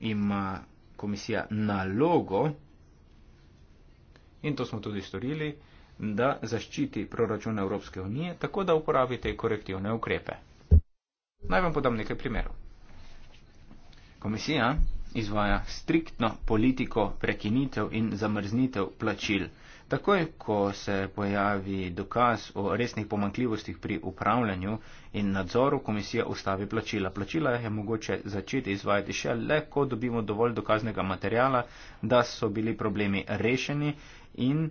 ima komisija nalogo, in to smo tudi storili, da zaščiti proračun Evropske unije tako, da uporabite korektivne ukrepe. Naj vam podam nekaj primerov. Komisija izvaja striktno politiko prekinitev in zamrznitev plačil. Takoj, ko se pojavi dokaz o resnih pomankljivostih pri upravljanju in nadzoru, komisija ustavi plačila. Plačila je mogoče začeti izvajati še le, ko dobimo dovolj dokaznega materijala, da so bili problemi rešeni in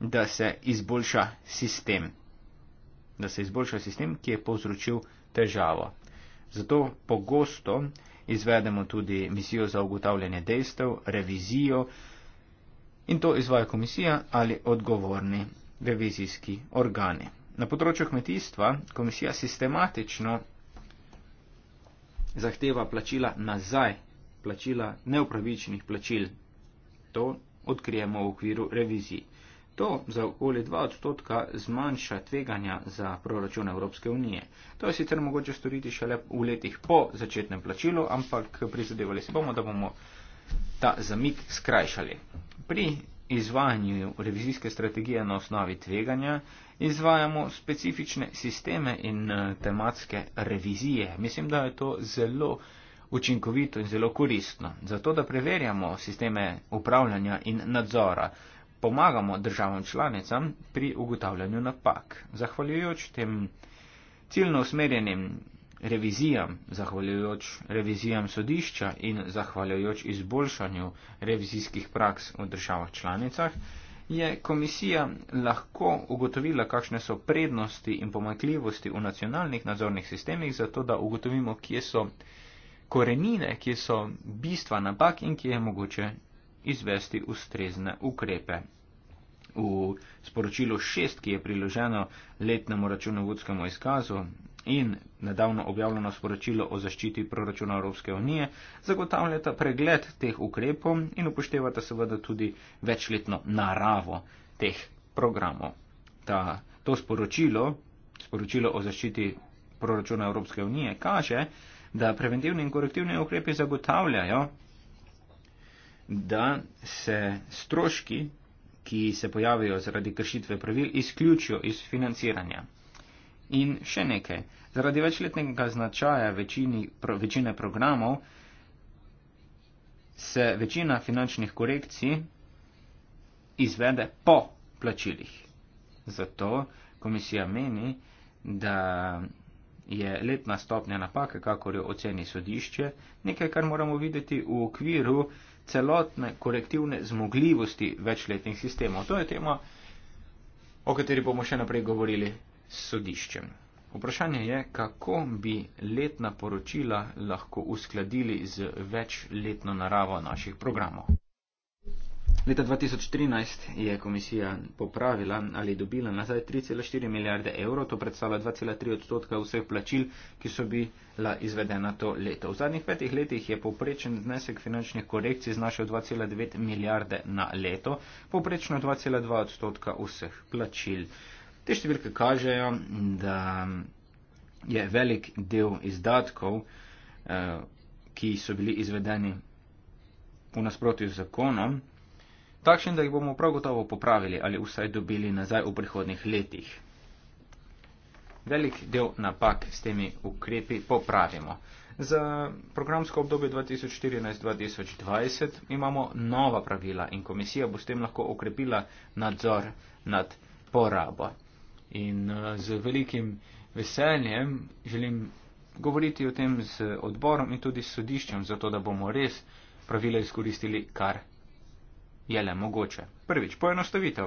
da se izboljša sistem, da se izboljša sistem ki je povzročil težavo. Zato pogosto izvedemo tudi misijo za ugotavljanje dejstev, revizijo in to izvaja komisija ali odgovorni revizijski organi. Na področju kmetijstva komisija sistematično zahteva plačila nazaj, plačila neupravičnih plačil. To odkrijemo v okviru revizij. To za okoli 2 odstotka zmanjša tveganja za proračun Evropske unije. To je sicer mogoče storiti šele v letih po začetnem plačilu, ampak prizadevali se bomo, da bomo ta zamik skrajšali. Pri izvajanju revizijske strategije na osnovi tveganja izvajamo specifične sisteme in eh, tematske revizije. Mislim, da je to zelo učinkovito in zelo koristno. Zato, da preverjamo sisteme upravljanja in nadzora pomagamo državam članicam pri ugotavljanju napak. Zahvaljujoč tem ciljno usmerjenim revizijam, zahvaljujoč revizijam sodišča in zahvaljujoč izboljšanju revizijskih praks v državah članicah, je komisija lahko ugotovila, kakšne so prednosti in pomakljivosti v nacionalnih nadzornih sistemih, zato da ugotovimo, kje so korenine, kje so bistva napak in kje je mogoče izvesti ustrezne ukrepe. V sporočilu 6, ki je priloženo letnemu računovodskemu izkazu in nedavno objavljeno sporočilo o zaščiti proračuna Evropske unije, zagotavljata pregled teh ukrepov in upoštevata seveda tudi večletno naravo teh programov. Ta, to sporočilo, sporočilo o zaščiti proračuna Evropske unije, kaže, da preventivni in korektivni ukrepi zagotavljajo da se stroški, ki se pojavijo zaradi kršitve pravil, izključijo iz financiranja. In še nekaj. Zaradi večletnega značaja večini, pro, večine programov se večina finančnih korekcij izvede po plačilih. Zato komisija meni, da je letna stopnja napake, kakor jo oceni sodišče, nekaj, kar moramo videti v okviru celotne korektivne zmogljivosti večletnih sistemov. To je tema, o kateri bomo še naprej govorili s sodiščem. Vprašanje je, kako bi letna poročila lahko uskladili z večletno naravo naših programov. Leta 2013 je komisija popravila ali dobila nazaj 3,4 milijarde evrov, to predstavlja 2,3 odstotka vseh plačil, ki so bila izvedena to leto. V zadnjih petih letih je povprečen znesek finančnih korekcij znašel 2,9 milijarde na leto, povprečno 2,2 odstotka vseh plačil. Te številke kažejo, da je velik del izdatkov, eh, ki so bili izvedeni v nasprotju z zakonom, takšen, da jih bomo prav gotovo popravili ali vsaj dobili nazaj v prihodnih letih. Velik del napak s temi ukrepi popravimo. Za programsko obdobje 2014-2020 imamo nova pravila in komisija bo s tem lahko okrepila nadzor nad porabo. In eh, z velikim veseljem želim govoriti o tem z odborom in tudi s sodiščem, zato da bomo res pravila izkoristili kar 100% je le mogoče. Prvič, poenostavitev.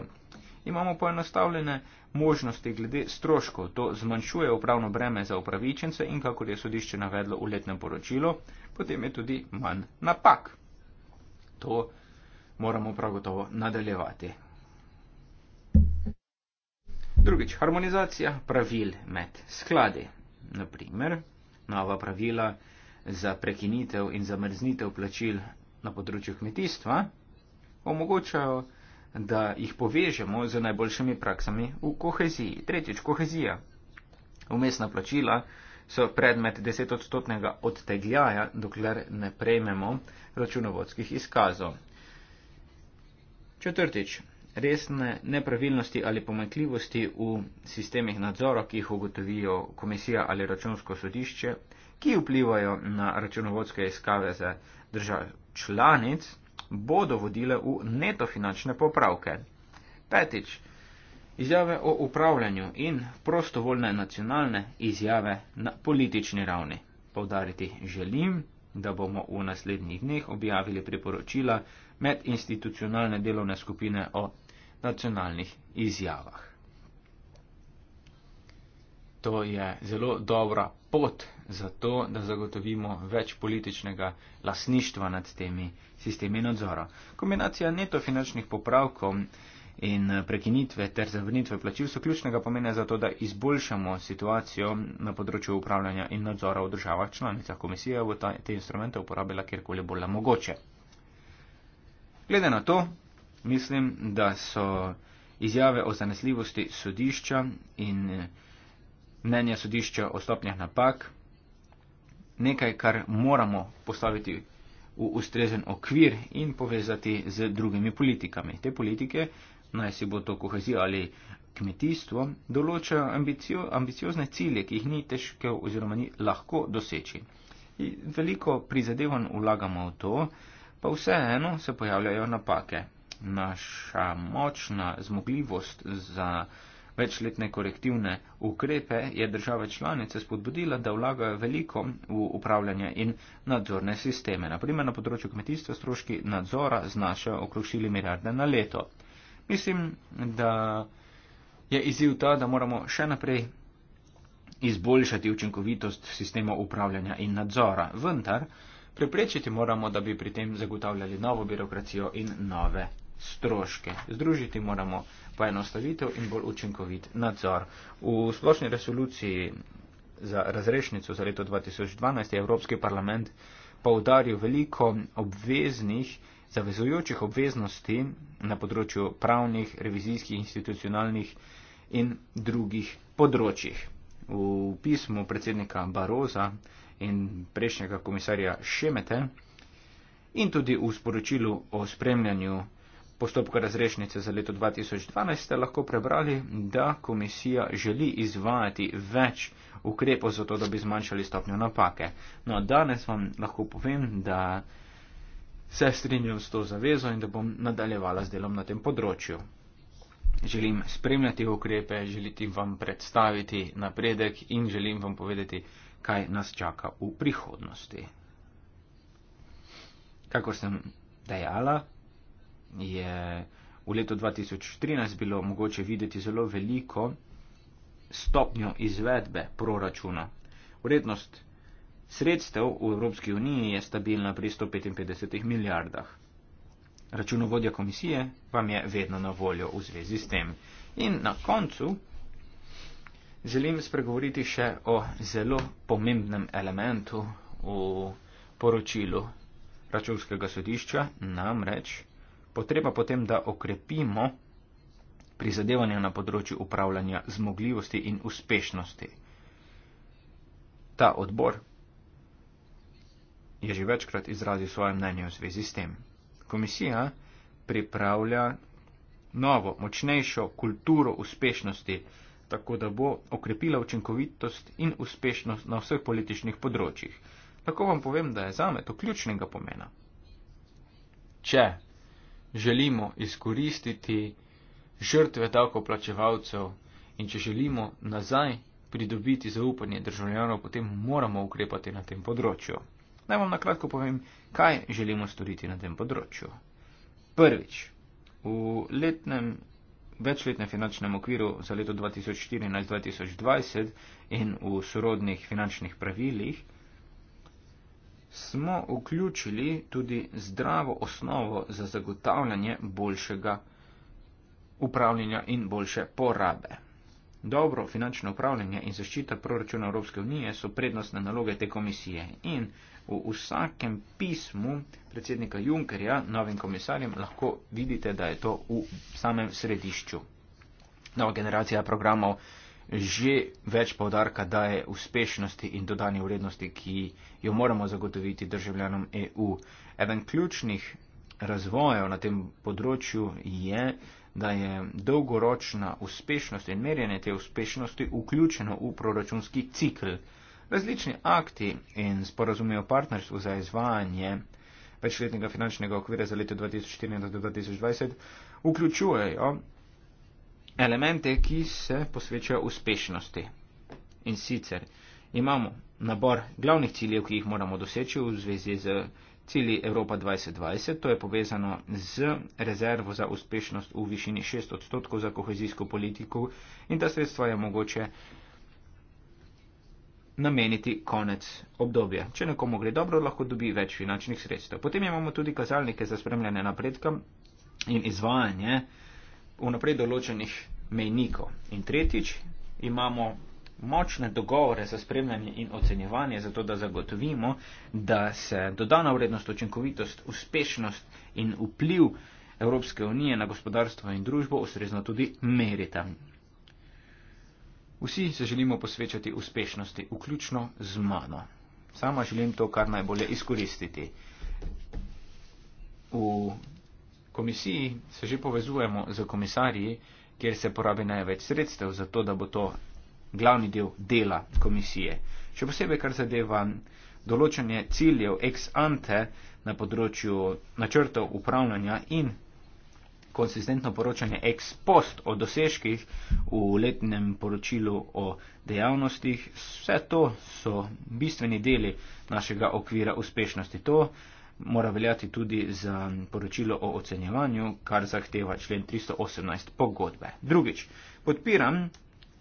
Imamo poenostavljene možnosti glede stroškov. To zmanjšuje upravno breme za upravičence in, kakor je sodišče navedlo v letnem poročilu, potem je tudi manj napak. To moramo prav gotovo nadaljevati. Drugič, harmonizacija pravil med skladi. Naprimer, nova pravila za prekinitev in zamrznitev plačil na področju kmetijstva omogočajo, da jih povežemo z najboljšimi praksami v koheziji. Tretjič, kohezija. Umestna plačila so predmet 10 odstotnega odtegljaja, dokler ne prejmemo računovodskih izkazov. Četrtič, resne nepravilnosti ali pomakljivosti v sistemih nadzora, ki jih ugotovijo komisija ali računsko sodišče, ki vplivajo na računovodske izkave za držav članic, bodo vodile v neto finančne popravke. Petič. Izjave o upravljanju in prostovoljne nacionalne izjave na politični ravni. Povdariti želim, da bomo v naslednjih dneh objavili priporočila med institucionalne delovne skupine o nacionalnih izjavah. To je zelo dobra pot za to, da zagotovimo več političnega lasništva nad temi sistemi nadzora. Kombinacija neto finančnih popravkov in prekinitve ter zavrnitve plačil so ključnega pomena za to, da izboljšamo situacijo na področju upravljanja in nadzora v državah članicah. Komisija bo ta, te instrumente uporabila kjerkoli bolj mogoče. Glede na to, mislim, da so izjave o zanesljivosti sodišča in mnenja sodišča o stopnjah napak, nekaj, kar moramo postaviti v ustrezen okvir in povezati z drugimi politikami. Te politike, naj si bo to kohezija ali kmetijstvo, določajo ambicio, ambiciozne cilje, ki jih ni težko oziroma ni lahko doseči. In veliko prizadevanj vlagamo v to, pa vseeno se pojavljajo napake. Naša močna zmogljivost za večletne korektivne ukrepe je države članice spodbudila, da vlagajo veliko v upravljanje in nadzorne sisteme. Naprimer, na področju kmetijstva stroški nadzora znašajo okrog 4 milijarde na leto. Mislim, da je izziv ta, da moramo še naprej izboljšati učinkovitost sistema upravljanja in nadzora. Vendar, preprečiti moramo, da bi pri tem zagotavljali novo birokracijo in nove stroške. Združiti moramo poenostavitev in bolj učinkovit nadzor. V splošni resoluciji za razrešnico za leto 2012 je Evropski parlament poudaril veliko obveznih, zavezujočih obveznosti na področju pravnih, revizijskih, institucionalnih in drugih področjih. V pismu predsednika Baroza in prejšnjega komisarja Šemete in tudi v sporočilu o spremljanju postopka razrešnice za leto 2012 ste lahko prebrali, da komisija želi izvajati več ukrepov za to, da bi zmanjšali stopnjo napake. No, danes vam lahko povem, da se strinjam s to zavezo in da bom nadaljevala z delom na tem področju. Želim spremljati ukrepe, želim vam predstaviti napredek in želim vam povedati, kaj nas čaka v prihodnosti. Kako sem dejala, je v letu 2013 bilo mogoče videti zelo veliko stopnjo izvedbe proračuna. Vrednost sredstev v Evropski uniji je stabilna pri 155 milijardah. Računovodja komisije vam je vedno na voljo v zvezi s tem. In na koncu želim spregovoriti še o zelo pomembnem elementu v poročilu računskega sodišča, namreč potreba potem, da okrepimo prizadevanja na področju upravljanja zmogljivosti in uspešnosti. Ta odbor je že večkrat izrazil svoje mnenje v zvezi s tem. Komisija pripravlja novo, močnejšo kulturo uspešnosti, tako da bo okrepila učinkovitost in uspešnost na vseh političnih področjih. Tako vam povem, da je zame to ključnega pomena. Če želimo izkoristiti žrtve davkoplačevalcev in če želimo nazaj pridobiti zaupanje državljanov, potem moramo ukrepati na tem področju. Naj vam na kratko povem, kaj želimo storiti na tem področju. Prvič, v letnem, večletnem finančnem okviru za leto 2014-2020 in v sorodnih finančnih pravilih 2014-2020 smo vključili tudi zdravo osnovo za zagotavljanje boljšega upravljanja in boljše porabe. Dobro finančno upravljanje in zaščita proračuna Evropske unije so prednostne naloge te komisije in v vsakem pismu predsednika Junckerja novim komisarjem lahko vidite, da je to v samem središču. Nova generacija programov že več povdarka daje uspešnosti in dodani vrednosti, ki jo moramo zagotoviti državljanom EU. Eden ključnih razvojev na tem področju je, da je dolgoročna uspešnost in merjanje te uspešnosti vključeno v proračunski cikl. Različni akti in sporazumijo partnerstvo za izvajanje večletnega finančnega okvira za leto 2014-2020 vključujejo elemente, ki se posvečajo uspešnosti. In sicer imamo nabor glavnih ciljev, ki jih moramo doseči v zvezi z cilji Evropa 2020. To je povezano z rezervo za uspešnost v višini 6 odstotkov za kohezijsko politiko in ta sredstva je mogoče nameniti konec obdobja. Če nekomu gre dobro, lahko dobi več finančnih sredstev. Potem imamo tudi kazalnike za spremljanje napredka in izvajanje vnaprej določenih mejnikov. In tretjič, imamo močne dogovore za spremljanje in ocenjevanje, zato da zagotovimo, da se dodana vrednost, učinkovitost, uspešnost in vpliv Evropske unije na gospodarstvo in družbo ustrezno tudi merita. Vsi se želimo posvečati uspešnosti, vključno z mano. Sama želim to, kar najbolje izkoristiti. V komisiji se že povezujemo z komisarji, kjer se porabi največ sredstev za to, da bo to glavni del dela komisije. Še posebej, kar zadeva določanje ciljev ex ante na področju načrtov upravljanja in konsistentno poročanje ex post o dosežkih v letnem poročilu o dejavnostih, vse to so bistveni deli našega okvira uspešnosti. To, mora veljati tudi za poročilo o ocenjevanju, kar zahteva člen 318 pogodbe. Drugič, podpiram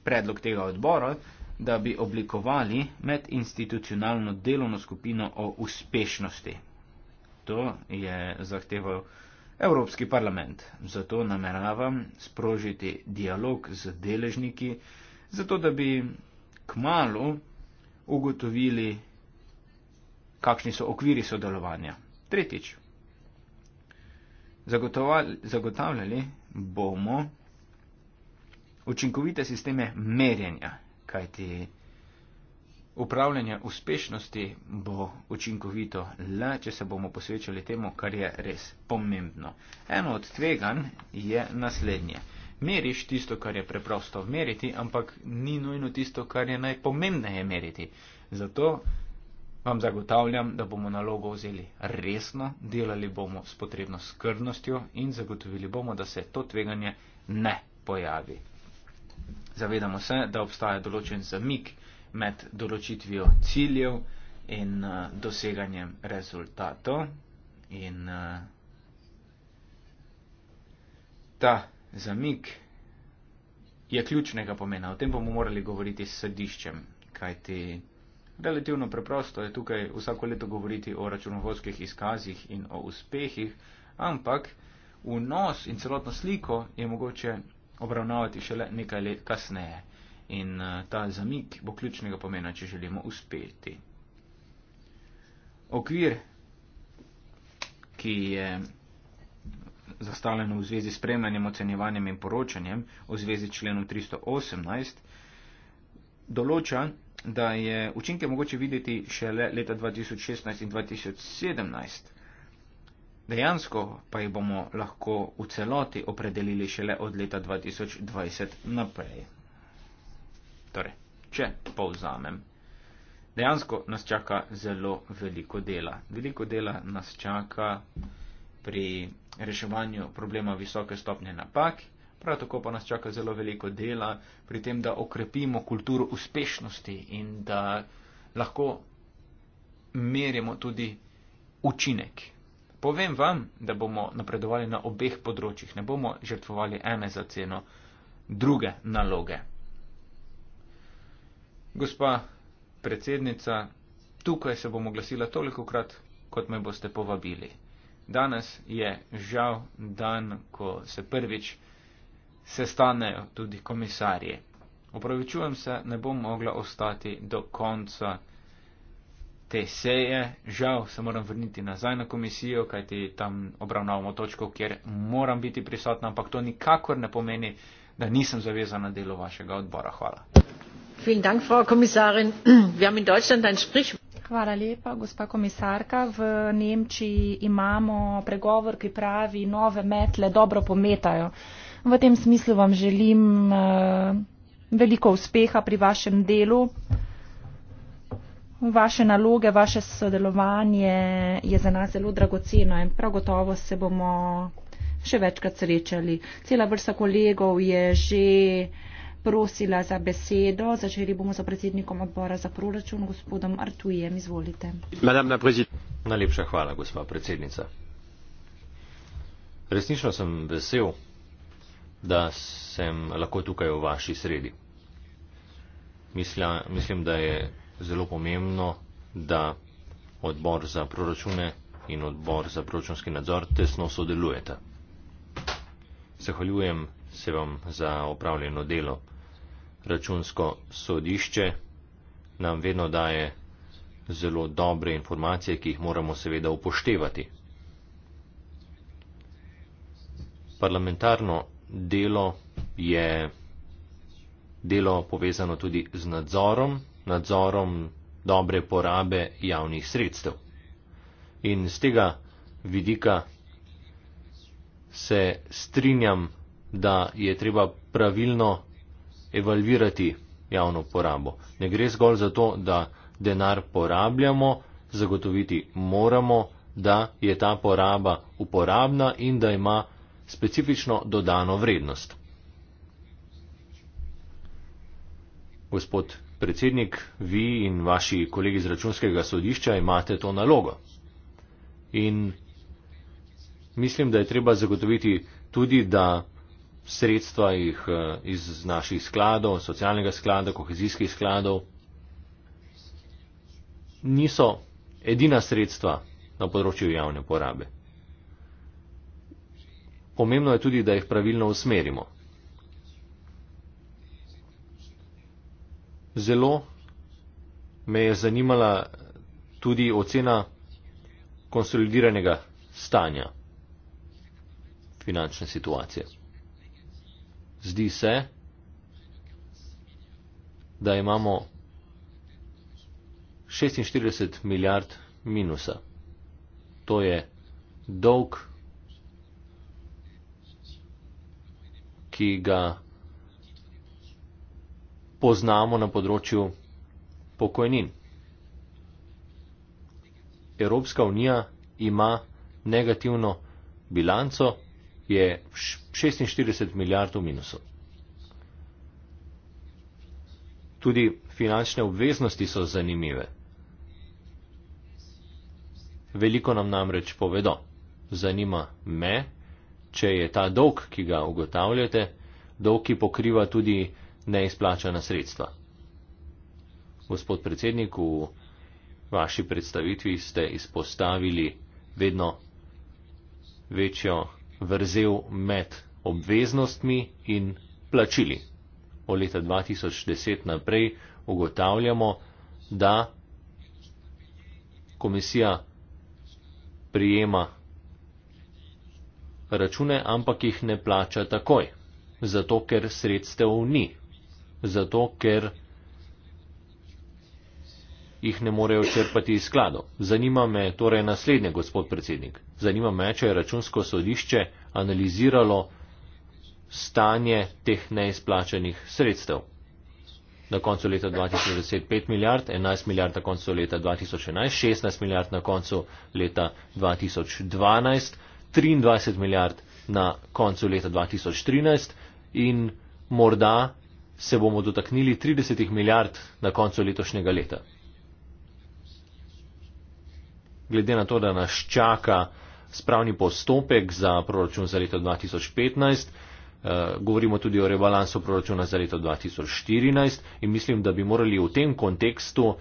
predlog tega odbora, da bi oblikovali medinstitucionalno delovno skupino o uspešnosti. To je zahteval Evropski parlament. Zato nameravam sprožiti dialog z deležniki, zato da bi k malu ugotovili, kakšni so okviri sodelovanja. Tretjič. Zagotavljali bomo učinkovite sisteme merjenja, kajti upravljanje uspešnosti bo učinkovito le, če se bomo posvečali temu, kar je res pomembno. Eno od tvegan je naslednje. Meriš tisto, kar je preprosto meriti, ampak ni nujno tisto, kar je najpomembneje meriti. Zato Vam zagotavljam, da bomo nalogo vzeli resno, delali bomo s potrebno skrbnostjo in zagotovili bomo, da se to tveganje ne pojavi. Zavedamo se, da obstaja določen zamik med določitvijo ciljev in uh, doseganjem rezultatov in uh, ta zamik je ključnega pomena. O tem bomo morali govoriti s sediščem, kajti. Relativno preprosto je tukaj vsako leto govoriti o računovodskih izkazih in o uspehih, ampak vnos in celotno sliko je mogoče obravnavati šele nekaj let kasneje in eh, ta zamik bo ključnega pomena, če želimo uspeti. Okvir, ki je zastavljen v zvezi s spremljanjem, ocenjevanjem in poročanjem v zvezi s členom 318, določa, da je učinke mogoče videti šele leta 2016 in 2017. Dejansko pa jih bomo lahko v celoti opredelili šele od leta 2020 naprej. Torej, če povzamem. Dejansko nas čaka zelo veliko dela. Veliko dela nas čaka pri reševanju problema visoke stopnje napak Prav tako pa nas čaka zelo veliko dela pri tem, da okrepimo kulturo uspešnosti in da lahko merimo tudi učinek. Povem vam, da bomo napredovali na obeh področjih, ne bomo žrtvovali ene za ceno druge naloge. Gospa predsednica, tukaj se bom oglasila toliko krat, kot me boste povabili. Danes je žal dan, ko se prvič sestanejo tudi komisarji. Opravičujem se, ne bom mogla ostati do konca te seje. Žal se moram vrniti nazaj na komisijo, kajti tam obravnavamo točko, kjer moram biti prisotna, ampak to nikakor ne pomeni, da nisem zavezana delo vašega odbora. Hvala. Hvala lepa, gospa komisarka. V Nemčiji imamo pregovor, ki pravi, nove metle dobro pometajo. V tem smislu vam želim uh, veliko uspeha pri vašem delu. Vaše naloge, vaše sodelovanje je za nas zelo dragoceno in prav gotovo se bomo še večkrat srečali. Cela vrsta kolegov je že prosila za besedo. Začeli bomo z predsednikom odbora za proračun, gospodom Artujem. Izvolite. Najlepša hvala, gospa predsednica. Resnično sem vesel, da sem lahko tukaj v vaši sredi. Misla, mislim, da je zelo pomembno, da odbor za proračune in odbor za proračunski nadzor tesno sodelujete. Zahvaljujem se vam za opravljeno delo. Računsko sodišče nam vedno daje zelo dobre informacije, ki jih moramo seveda upoštevati. Parlamentarno delo je delo povezano tudi z nadzorom, nadzorom dobre porabe javnih sredstev. In z tega vidika se strinjam, da je treba pravilno evalvirati javno porabo. Ne gre zgolj za to, da denar porabljamo, zagotoviti moramo, da je ta poraba uporabna in da ima specifično dodano vrednost. Gospod predsednik, vi in vaši kolegi iz računskega sodišča imate to nalogo. In mislim, da je treba zagotoviti tudi, da sredstva jih eh, iz naših skladov, socialnega sklada, kohezijskih skladov, niso edina sredstva na področju javne porabe. Pomembno je tudi, da jih pravilno usmerimo. Zelo me je zanimala tudi ocena konsolidiranega stanja finančne situacije. Zdi se, da imamo 46 milijard minusa. To je dolg ki ga poznamo na področju pokojnin. Evropska unija ima negativno bilanco, je 46 milijard v minusu. Tudi finančne obveznosti so zanimive. Veliko nam namreč povedo. Zanima me, če je ta dolg, ki ga ugotavljate, dolg, ki pokriva tudi neizplačana sredstva. Gospod predsednik, v vaši predstavitvi ste izpostavili vedno večjo vrzel med obveznostmi in plačili. Od leta 2010 naprej ugotavljamo, da komisija prijema račune, ampak jih ne plača takoj, zato ker sredstev ni, zato ker jih ne morejo črpati iz skladov. Zanima me torej naslednje, gospod predsednik. Zanima me, če je računsko sodišče analiziralo stanje teh neizplačenih sredstev. Na koncu leta 2010 5 milijard, 11 milijard na koncu leta 2011, 16 milijard na koncu leta 2012. 23 milijard na koncu leta 2013 in morda se bomo dotaknili 30 milijard na koncu letošnjega leta. Glede na to, da nas čaka spravni postopek za proračun za leto 2015, eh, govorimo tudi o rebalansu proračuna za leto 2014 in mislim, da bi morali v tem kontekstu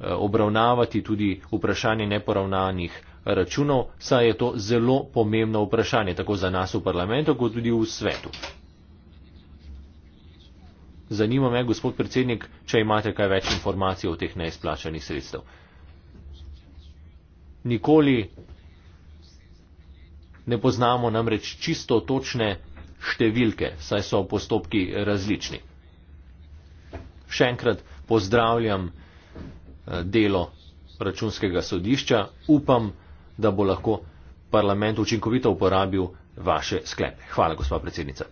Eh, obravnavati tudi vprašanje neporavnanih računov, saj je to zelo pomembno vprašanje, tako za nas v parlamentu, kot tudi v svetu. Zanima me, gospod predsednik, če imate kaj več informacij o teh neizplačanih sredstev. Nikoli ne poznamo namreč čisto točne številke, saj so postopki različni. Še enkrat pozdravljam Eh, delo računskega sodišča. Upam, da bo lahko parlament učinkovito uporabil vaše sklepe. Hvala, gospod predsednica.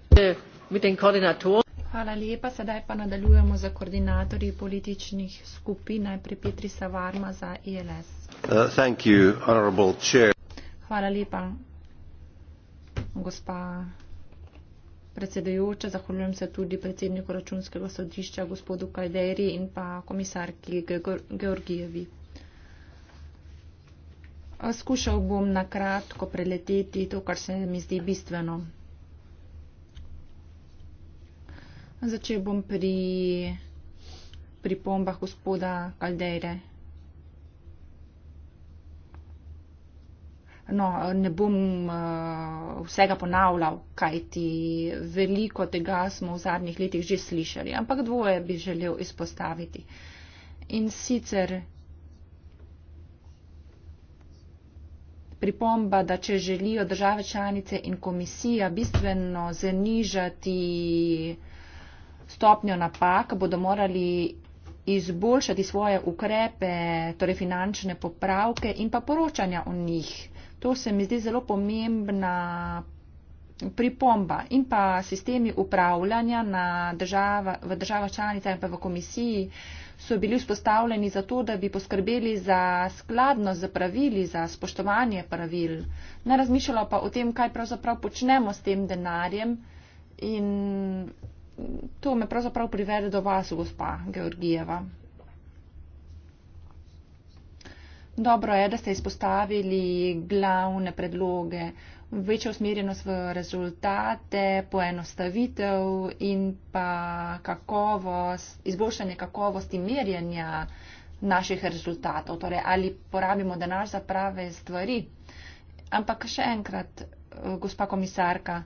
Hvala lepa. Sedaj pa nadaljujemo za koordinatorji političnih skupin, najprej Petrisa Varma za ILS. E uh, you, Hvala lepa, gospa predsedujoča, zahvaljujem se tudi predsedniku računskega sodišča, gospodu Kajderi in pa komisarki Georgijevi. Skušal bom na kratko preleteti to, kar se mi zdi bistveno. Začel bom pri pripombah gospoda Kaldere. No, ne bom uh, vsega ponavljal, kajti veliko tega smo v zadnjih letih že slišali, ampak dvoje bi želel izpostaviti. In sicer pripomba, da če želijo države članice in komisija bistveno zanižati stopnjo napak, bodo morali izboljšati svoje ukrepe, torej finančne popravke in pa poročanja o njih To se mi zdi zelo pomembna pripomba. In pa sistemi upravljanja država, v državah članica in pa v komisiji so bili vzpostavljeni zato, da bi poskrbeli za skladnost, za pravili, za spoštovanje pravil. Ne razmišljalo pa o tem, kaj pravzaprav počnemo s tem denarjem. In to me pravzaprav privede do vas, gospa Georgijeva. Dobro je, da ste izpostavili glavne predloge, večjo usmerjenost v rezultate, poenostavitev in pa kakovost, izboljšanje kakovosti merjanja naših rezultatov, torej ali porabimo denar za prave stvari. Ampak še enkrat, eh, gospa komisarka,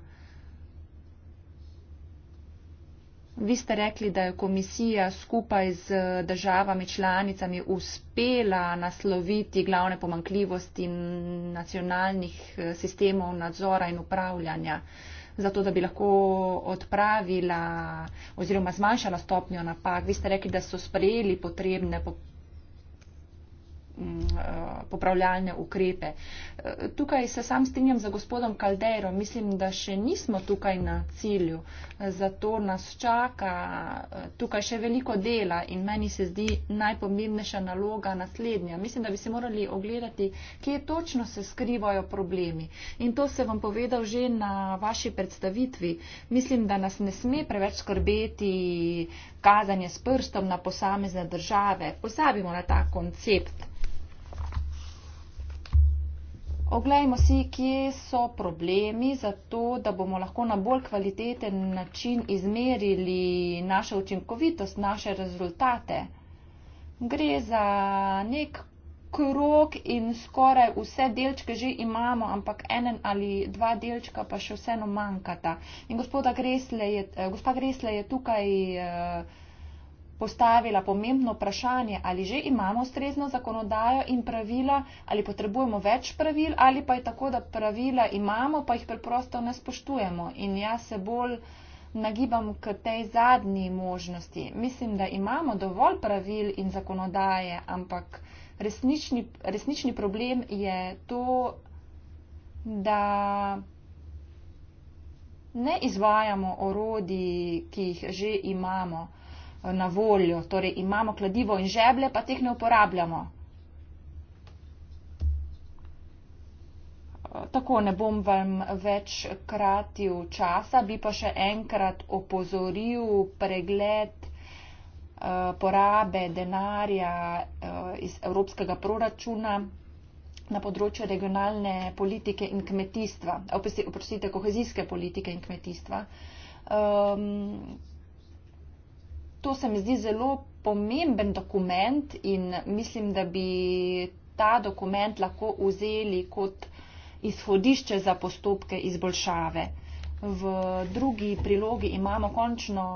Vi ste rekli, da je komisija skupaj z državami članicami uspela nasloviti glavne pomankljivosti nacionalnih eh, sistemov nadzora in upravljanja, zato da bi lahko odpravila oziroma zmanjšala stopnjo napak. Vi ste rekli, da so sprejeli potrebne popravke Mm, eh, popravljalne ukrepe. Eh, tukaj se sam strinjam za gospodom Kaldero. Mislim, da še nismo tukaj na cilju. Zato nas čaka eh, tukaj še veliko dela in meni se zdi najpomembnejša naloga naslednja. Mislim, da bi se morali ogledati, kje točno se skrivajo problemi. In to se vam povedal že na vaši predstavitvi. Mislim, da nas ne sme preveč skrbeti kazanje s prstom na posamezne države. Pozabimo na ta koncept. Oglejmo si, kje so problemi, zato da bomo lahko na bolj kvaliteten način izmerili našo učinkovitost, naše rezultate. Gre za nek krok in skoraj vse delčke že imamo, ampak enen ali dva delčka pa še vseeno manjkata. In gospoda Gresle je, eh, gospa Gresle je tukaj. Uh, postavila pomembno vprašanje, ali že imamo ustrezno zakonodajo in pravila, ali potrebujemo več pravil, ali pa je tako, da pravila imamo, pa jih preprosto ne spoštujemo. In jaz se bolj nagibam k tej zadnji možnosti. Mislim, da imamo dovolj pravil in zakonodaje, ampak resnični, resnični problem je to, da. Ne izvajamo orodi, ki jih že imamo na voljo. Torej imamo kladivo in žeblje, pa teh ne uporabljamo. Tako ne bom vam več kratil časa, bi pa še enkrat opozoril pregled eh, porabe denarja eh, iz evropskega proračuna na področju regionalne politike in kmetijstva, oprostite, kohezijske politike in kmetijstva. Ehm, to se mi zdi zelo pomemben dokument in mislim, da bi ta dokument lahko vzeli kot izhodišče za postopke izboljšave. V drugi prilogi imamo končno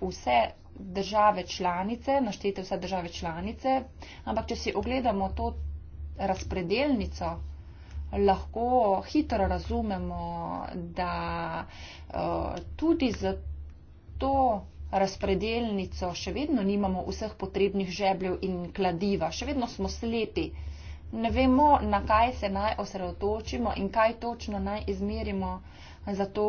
vse države članice, naštete vse države članice, ampak če si ogledamo to razpredelnico, lahko hitro razumemo, da uh, tudi za to razpredelnico, še vedno nimamo vseh potrebnih žebljev in kladiva, še vedno smo slepi. Ne vemo, na kaj se naj osredotočimo in kaj točno naj izmerimo, zato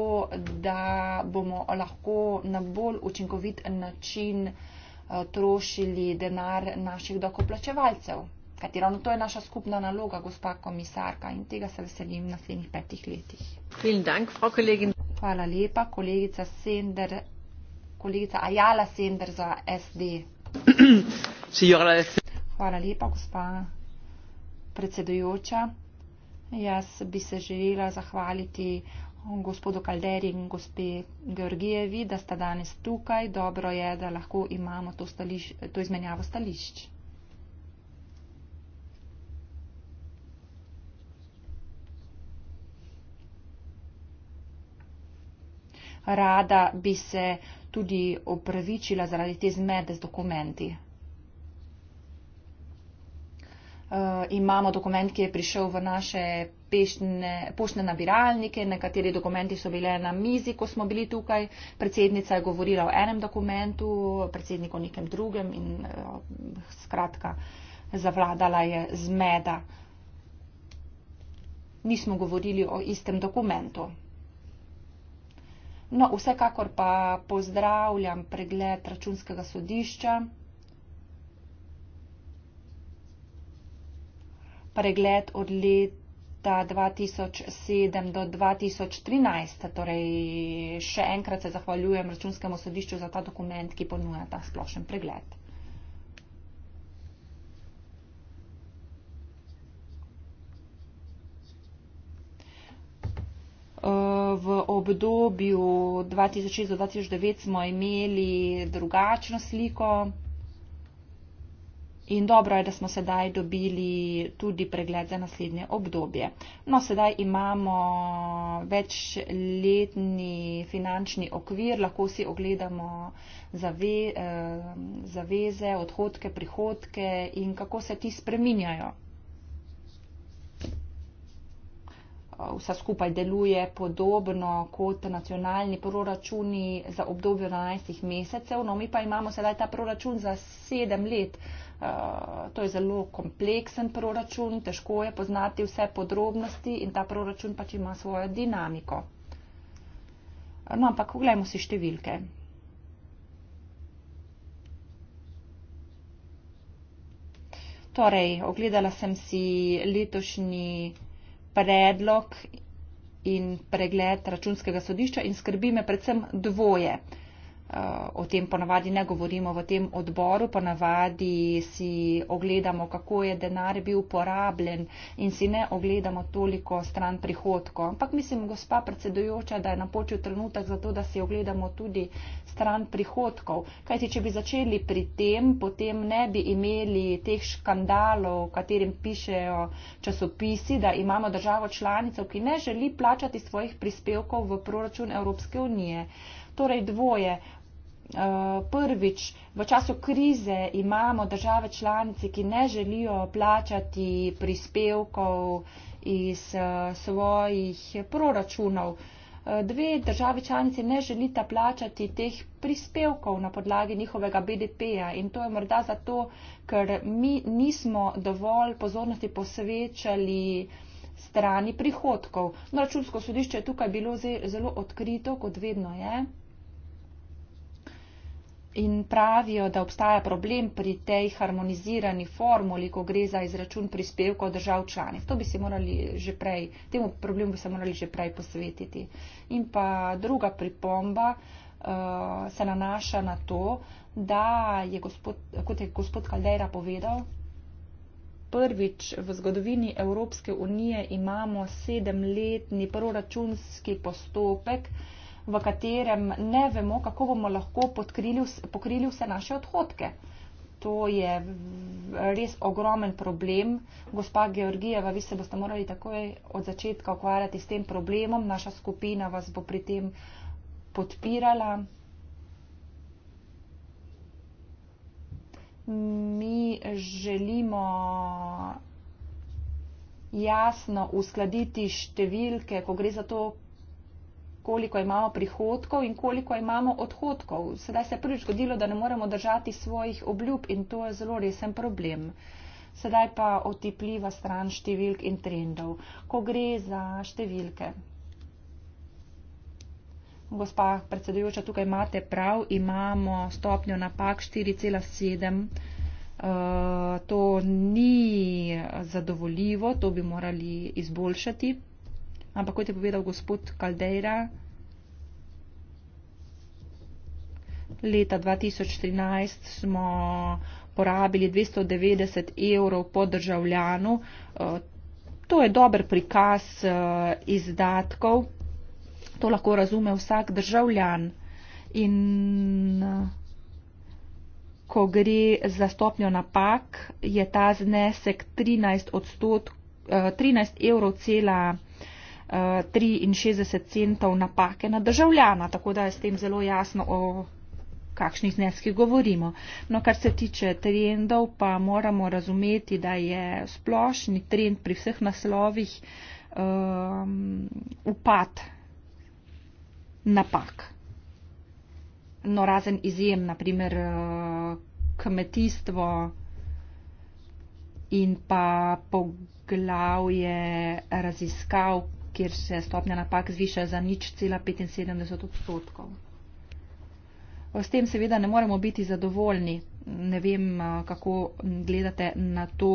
da bomo lahko na bolj učinkovit način eh, trošili denar naših dokoplačevalcev. Kajti ravno to je naša skupna naloga, gospa komisarka, in tega se veselim v naslednjih petih letih. Hvala lepa, kolegica Sender kolegica Ajala Sender za SD. [clears throat] Hvala lepa, gospa predsedujoča. Jaz bi se želela zahvaliti gospodu Kalderi in gospe Georgijevi, da sta danes tukaj. Dobro je, da lahko imamo to, stališ, to izmenjavo stališč. Rada bi se tudi opravičila zaradi te zmede z dokumenti. Uh, imamo dokument, ki je prišel v naše pešne, poštne nabiralnike, nekateri dokumenti so bile na mizi, ko smo bili tukaj. Predsednica je govorila o enem dokumentu, predsednik o nekem drugem in uh, skratka zavladala je zmeda. Nismo govorili o istem dokumentu. No, vsekakor pa pozdravljam pregled računskega sodišča, pregled od leta 2007 do 2013. Torej, še enkrat se zahvaljujem računskemu sodišču za ta dokument, ki ponuja ta splošen pregled. v obdobju 2006-2009 smo imeli drugačno sliko in dobro je, da smo sedaj dobili tudi pregled za naslednje obdobje. No, sedaj imamo večletni finančni okvir, lahko si ogledamo zave, eh, zaveze, odhodke, prihodke in kako se ti spreminjajo. vse skupaj deluje podobno kot nacionalni proračuni za obdobje 12 mesecev. No, mi pa imamo sedaj ta proračun za 7 let. Uh, to je zelo kompleksen proračun, težko je poznati vse podrobnosti in ta proračun pač ima svojo dinamiko. No, ampak pogledajmo si številke. Torej, ogledala sem si letošnji predlog in pregled računskega sodišča in skrbi me predvsem dvoje. Eh, o tem ponavadi ne govorimo v tem odboru, ponavadi si ogledamo, kako je denar bil porabljen in si ne ogledamo toliko stran prihodkov. Ampak mislim, gospa predsedujoča, da je napočil trenutek za to, da si ogledamo tudi stran prihodkov. Kajti, če bi začeli pri tem, potem ne bi imeli teh škandalov, katerim pišejo časopisi, da imamo državo članicov, ki ne želi plačati svojih prispevkov v proračun Evropske unije. Torej dvoje, Eh, prvič v času krize imamo države članice, ki ne želijo plačati prispevkov iz eh, svojih proračunov. Eh, dve države članice ne želita plačati teh prispevkov na podlagi njihovega BDP-ja in to je morda zato, ker mi nismo dovolj pozornosti posvečali strani prihodkov. No, računsko sodišče je tukaj bilo zelo odkrito, kot vedno je in pravijo, da obstaja problem pri tej harmonizirani formuli, ko gre za izračun prispevkov držav članic. To bi se morali že prej, temu problemu bi se morali že prej posvetiti. In pa druga pripomba uh, se nanaša na to, da je gospod, kot je gospod Kaldera povedal, Prvič v zgodovini Evropske unije imamo sedemletni proračunski postopek, uh, v katerem ne vemo, kako bomo lahko pokrili vse naše odhodke. To je res ogromen problem. Gospa Georgijeva, vi se boste morali takoj od začetka ukvarjati s tem problemom. Naša skupina vas bo pri tem podpirala. Mi želimo jasno uskladiti številke, ko gre za to, koliko imamo prihodkov in koliko imamo odhodkov. Sedaj se je prvič zgodilo, da ne moremo držati svojih obljub in to je zelo resen problem. Sedaj pa otipljiva stran številk in trendov. Ko gre za številke. Gospa predsedujoča, tukaj imate prav, imamo stopnjo napak 4,7. Uh, eh, to ni zadovoljivo, to bi morali izboljšati. Ampak kot je povedal gospod Kaldeira, leta 2013 smo porabili 290 evrov po državljanu. Eh, to je dober prikaz eh, izdatkov, to lahko razume vsak državljan. In eh, ko gre za stopnjo napak, je ta znesek 13, 13 evrov cela 63 centov napake na državljana, tako da je s tem zelo jasno, o kakšnih zneskih govorimo. No, kar se tiče trendov, pa moramo razumeti, da je splošni trend pri vseh naslovih um, upad napak. No, razen izjem, naprimer uh, kmetijstvo in pa poglavje raziskav, kjer se stopnja napak zviša za nič cela 75 odstotkov. S tem seveda ne moremo biti zadovoljni. Ne vem, kako gledate na to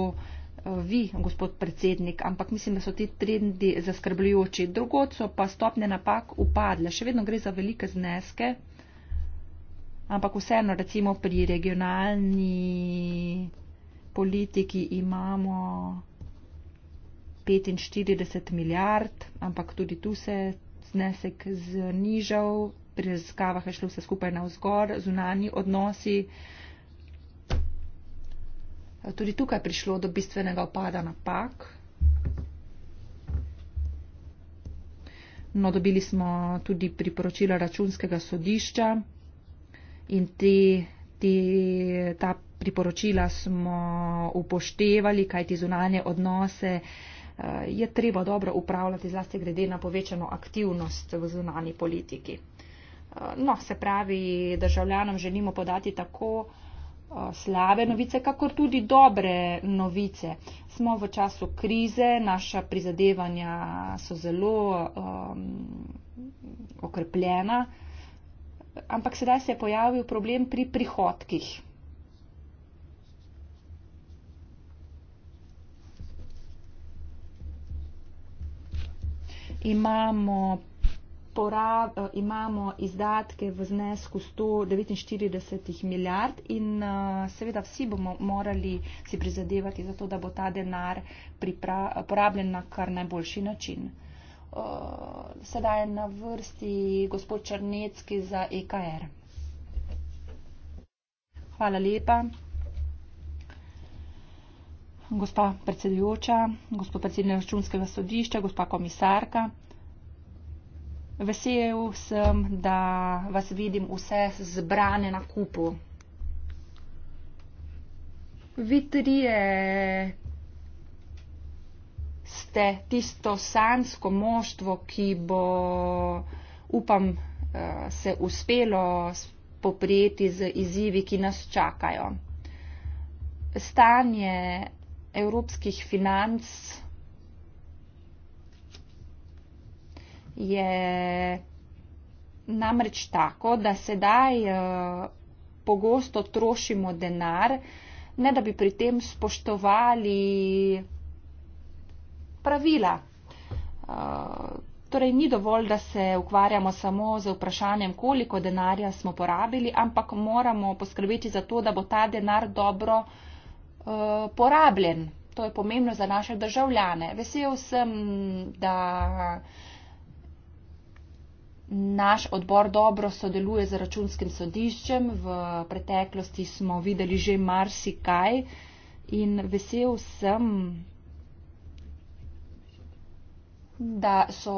vi, gospod predsednik, ampak mislim, da so ti trendi zaskrbljujoči. Drugod so pa stopnje napak upadle. Še vedno gre za velike zneske, ampak vseeno recimo pri regionalni politiki imamo. 45 milijard, ampak tudi tu se znesek znižal, pri raziskavah je šlo vse skupaj na vzgor, zunani odnosi. Tudi tukaj je prišlo do bistvenega opada napak. No, dobili smo tudi priporočila računskega sodišča in te, te, ta priporočila smo upoštevali, kajti zunanje odnose. Eh, je treba dobro upravljati, zlasti glede na povečano aktivnost v zunani politiki. Eh, no, se pravi, državljanom želimo podati tako eh, slabe novice, kakor tudi dobre novice. Smo v času krize, naša prizadevanja so zelo um, okrepljena, ampak sedaj se je pojavil problem pri prihodkih. imamo, porab, eh, imamo izdatke v znesku 149 milijard in eh, seveda vsi bomo morali si prizadevati za to, da bo ta denar porabljen na kar najboljši način. Eh, sedaj je na vrsti gospod Črnecki za EKR. Hvala lepa gospa predsedujoča, gospod predsednik računskega sodišča, gospa komisarka. Vesel sem, da vas vidim vse zbrane na kupu. Vi trije ste tisto sansko moštvo, ki bo, upam, eh, se uspelo poprijeti z izzivi, ki nas čakajo. Stanje evropskih financ je namreč tako, da sedaj eh, pogosto trošimo denar, ne da bi pri tem spoštovali pravila. Eh, torej, ni dovolj, da se ukvarjamo samo z vprašanjem, koliko denarja smo porabili, ampak moramo poskrbeti za to, da bo ta denar dobro Eh, porabljen. To je pomembno za naše državljane. Vesel sem, da naš odbor dobro sodeluje z računskim sodiščem. V preteklosti smo videli že marsikaj in vesel sem, da so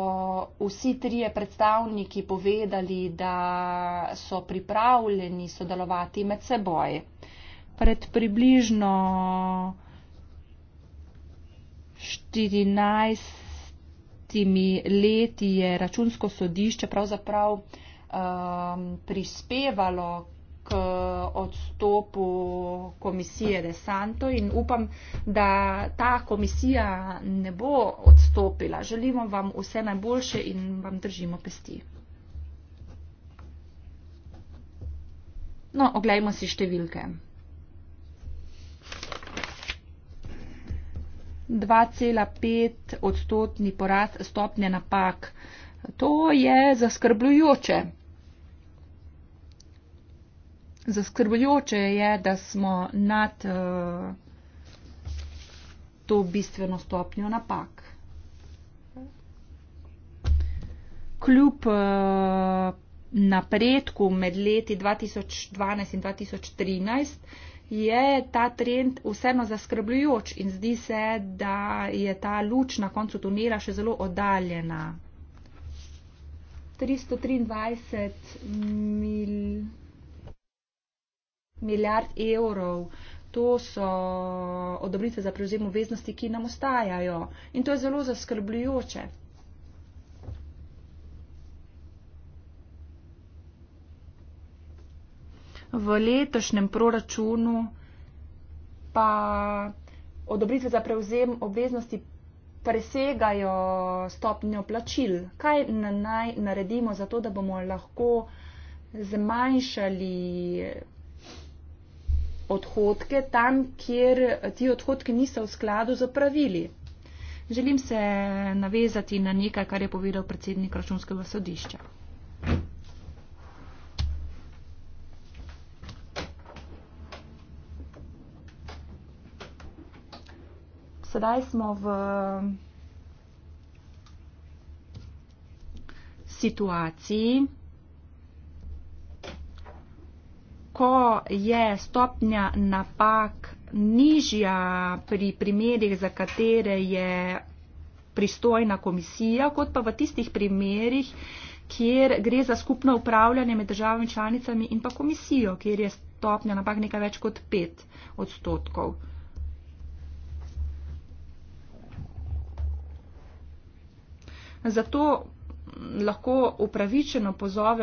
vsi trije predstavniki povedali, da so pripravljeni sodelovati med seboj pred približno 14 leti je računsko sodišče pravzaprav um, prispevalo k odstopu komisije Desanto in upam, da ta komisija ne bo odstopila. Želimo vam vse najboljše in vam držimo pesti. No, oglejmo si številke. 2,5 odstotni porast stopnje napak. To je zaskrbljujoče. Zaskrbljujoče je, da smo nad eh, to bistveno stopnjo napak. Kljub eh, napredku med leti 2012 in 2013 je ta trend vseeno zaskrbljujoč in zdi se, da je ta luč na koncu tunela še zelo oddaljena. 323 mil, milijard evrov, to so odobritve za prevzem obveznosti, ki nam ostajajo. In to je zelo zaskrbljujoče. v letošnjem proračunu pa odobritve za prevzem obveznosti presegajo stopnjo plačil. Kaj naj naredimo za to, da bomo lahko zmanjšali odhodke tam, kjer ti odhodki niso v skladu z pravili? Želim se navezati na nekaj, kar je povedal predsednik računskega sodišča. sedaj smo v situaciji, ko je stopnja napak nižja pri primerih, za katere je pristojna komisija, kot pa v tistih primerih, kjer gre za skupno upravljanje med državami članicami in pa komisijo, kjer je stopnja napak nekaj več kot 5 odstotkov. Zato lahko upravičeno pozove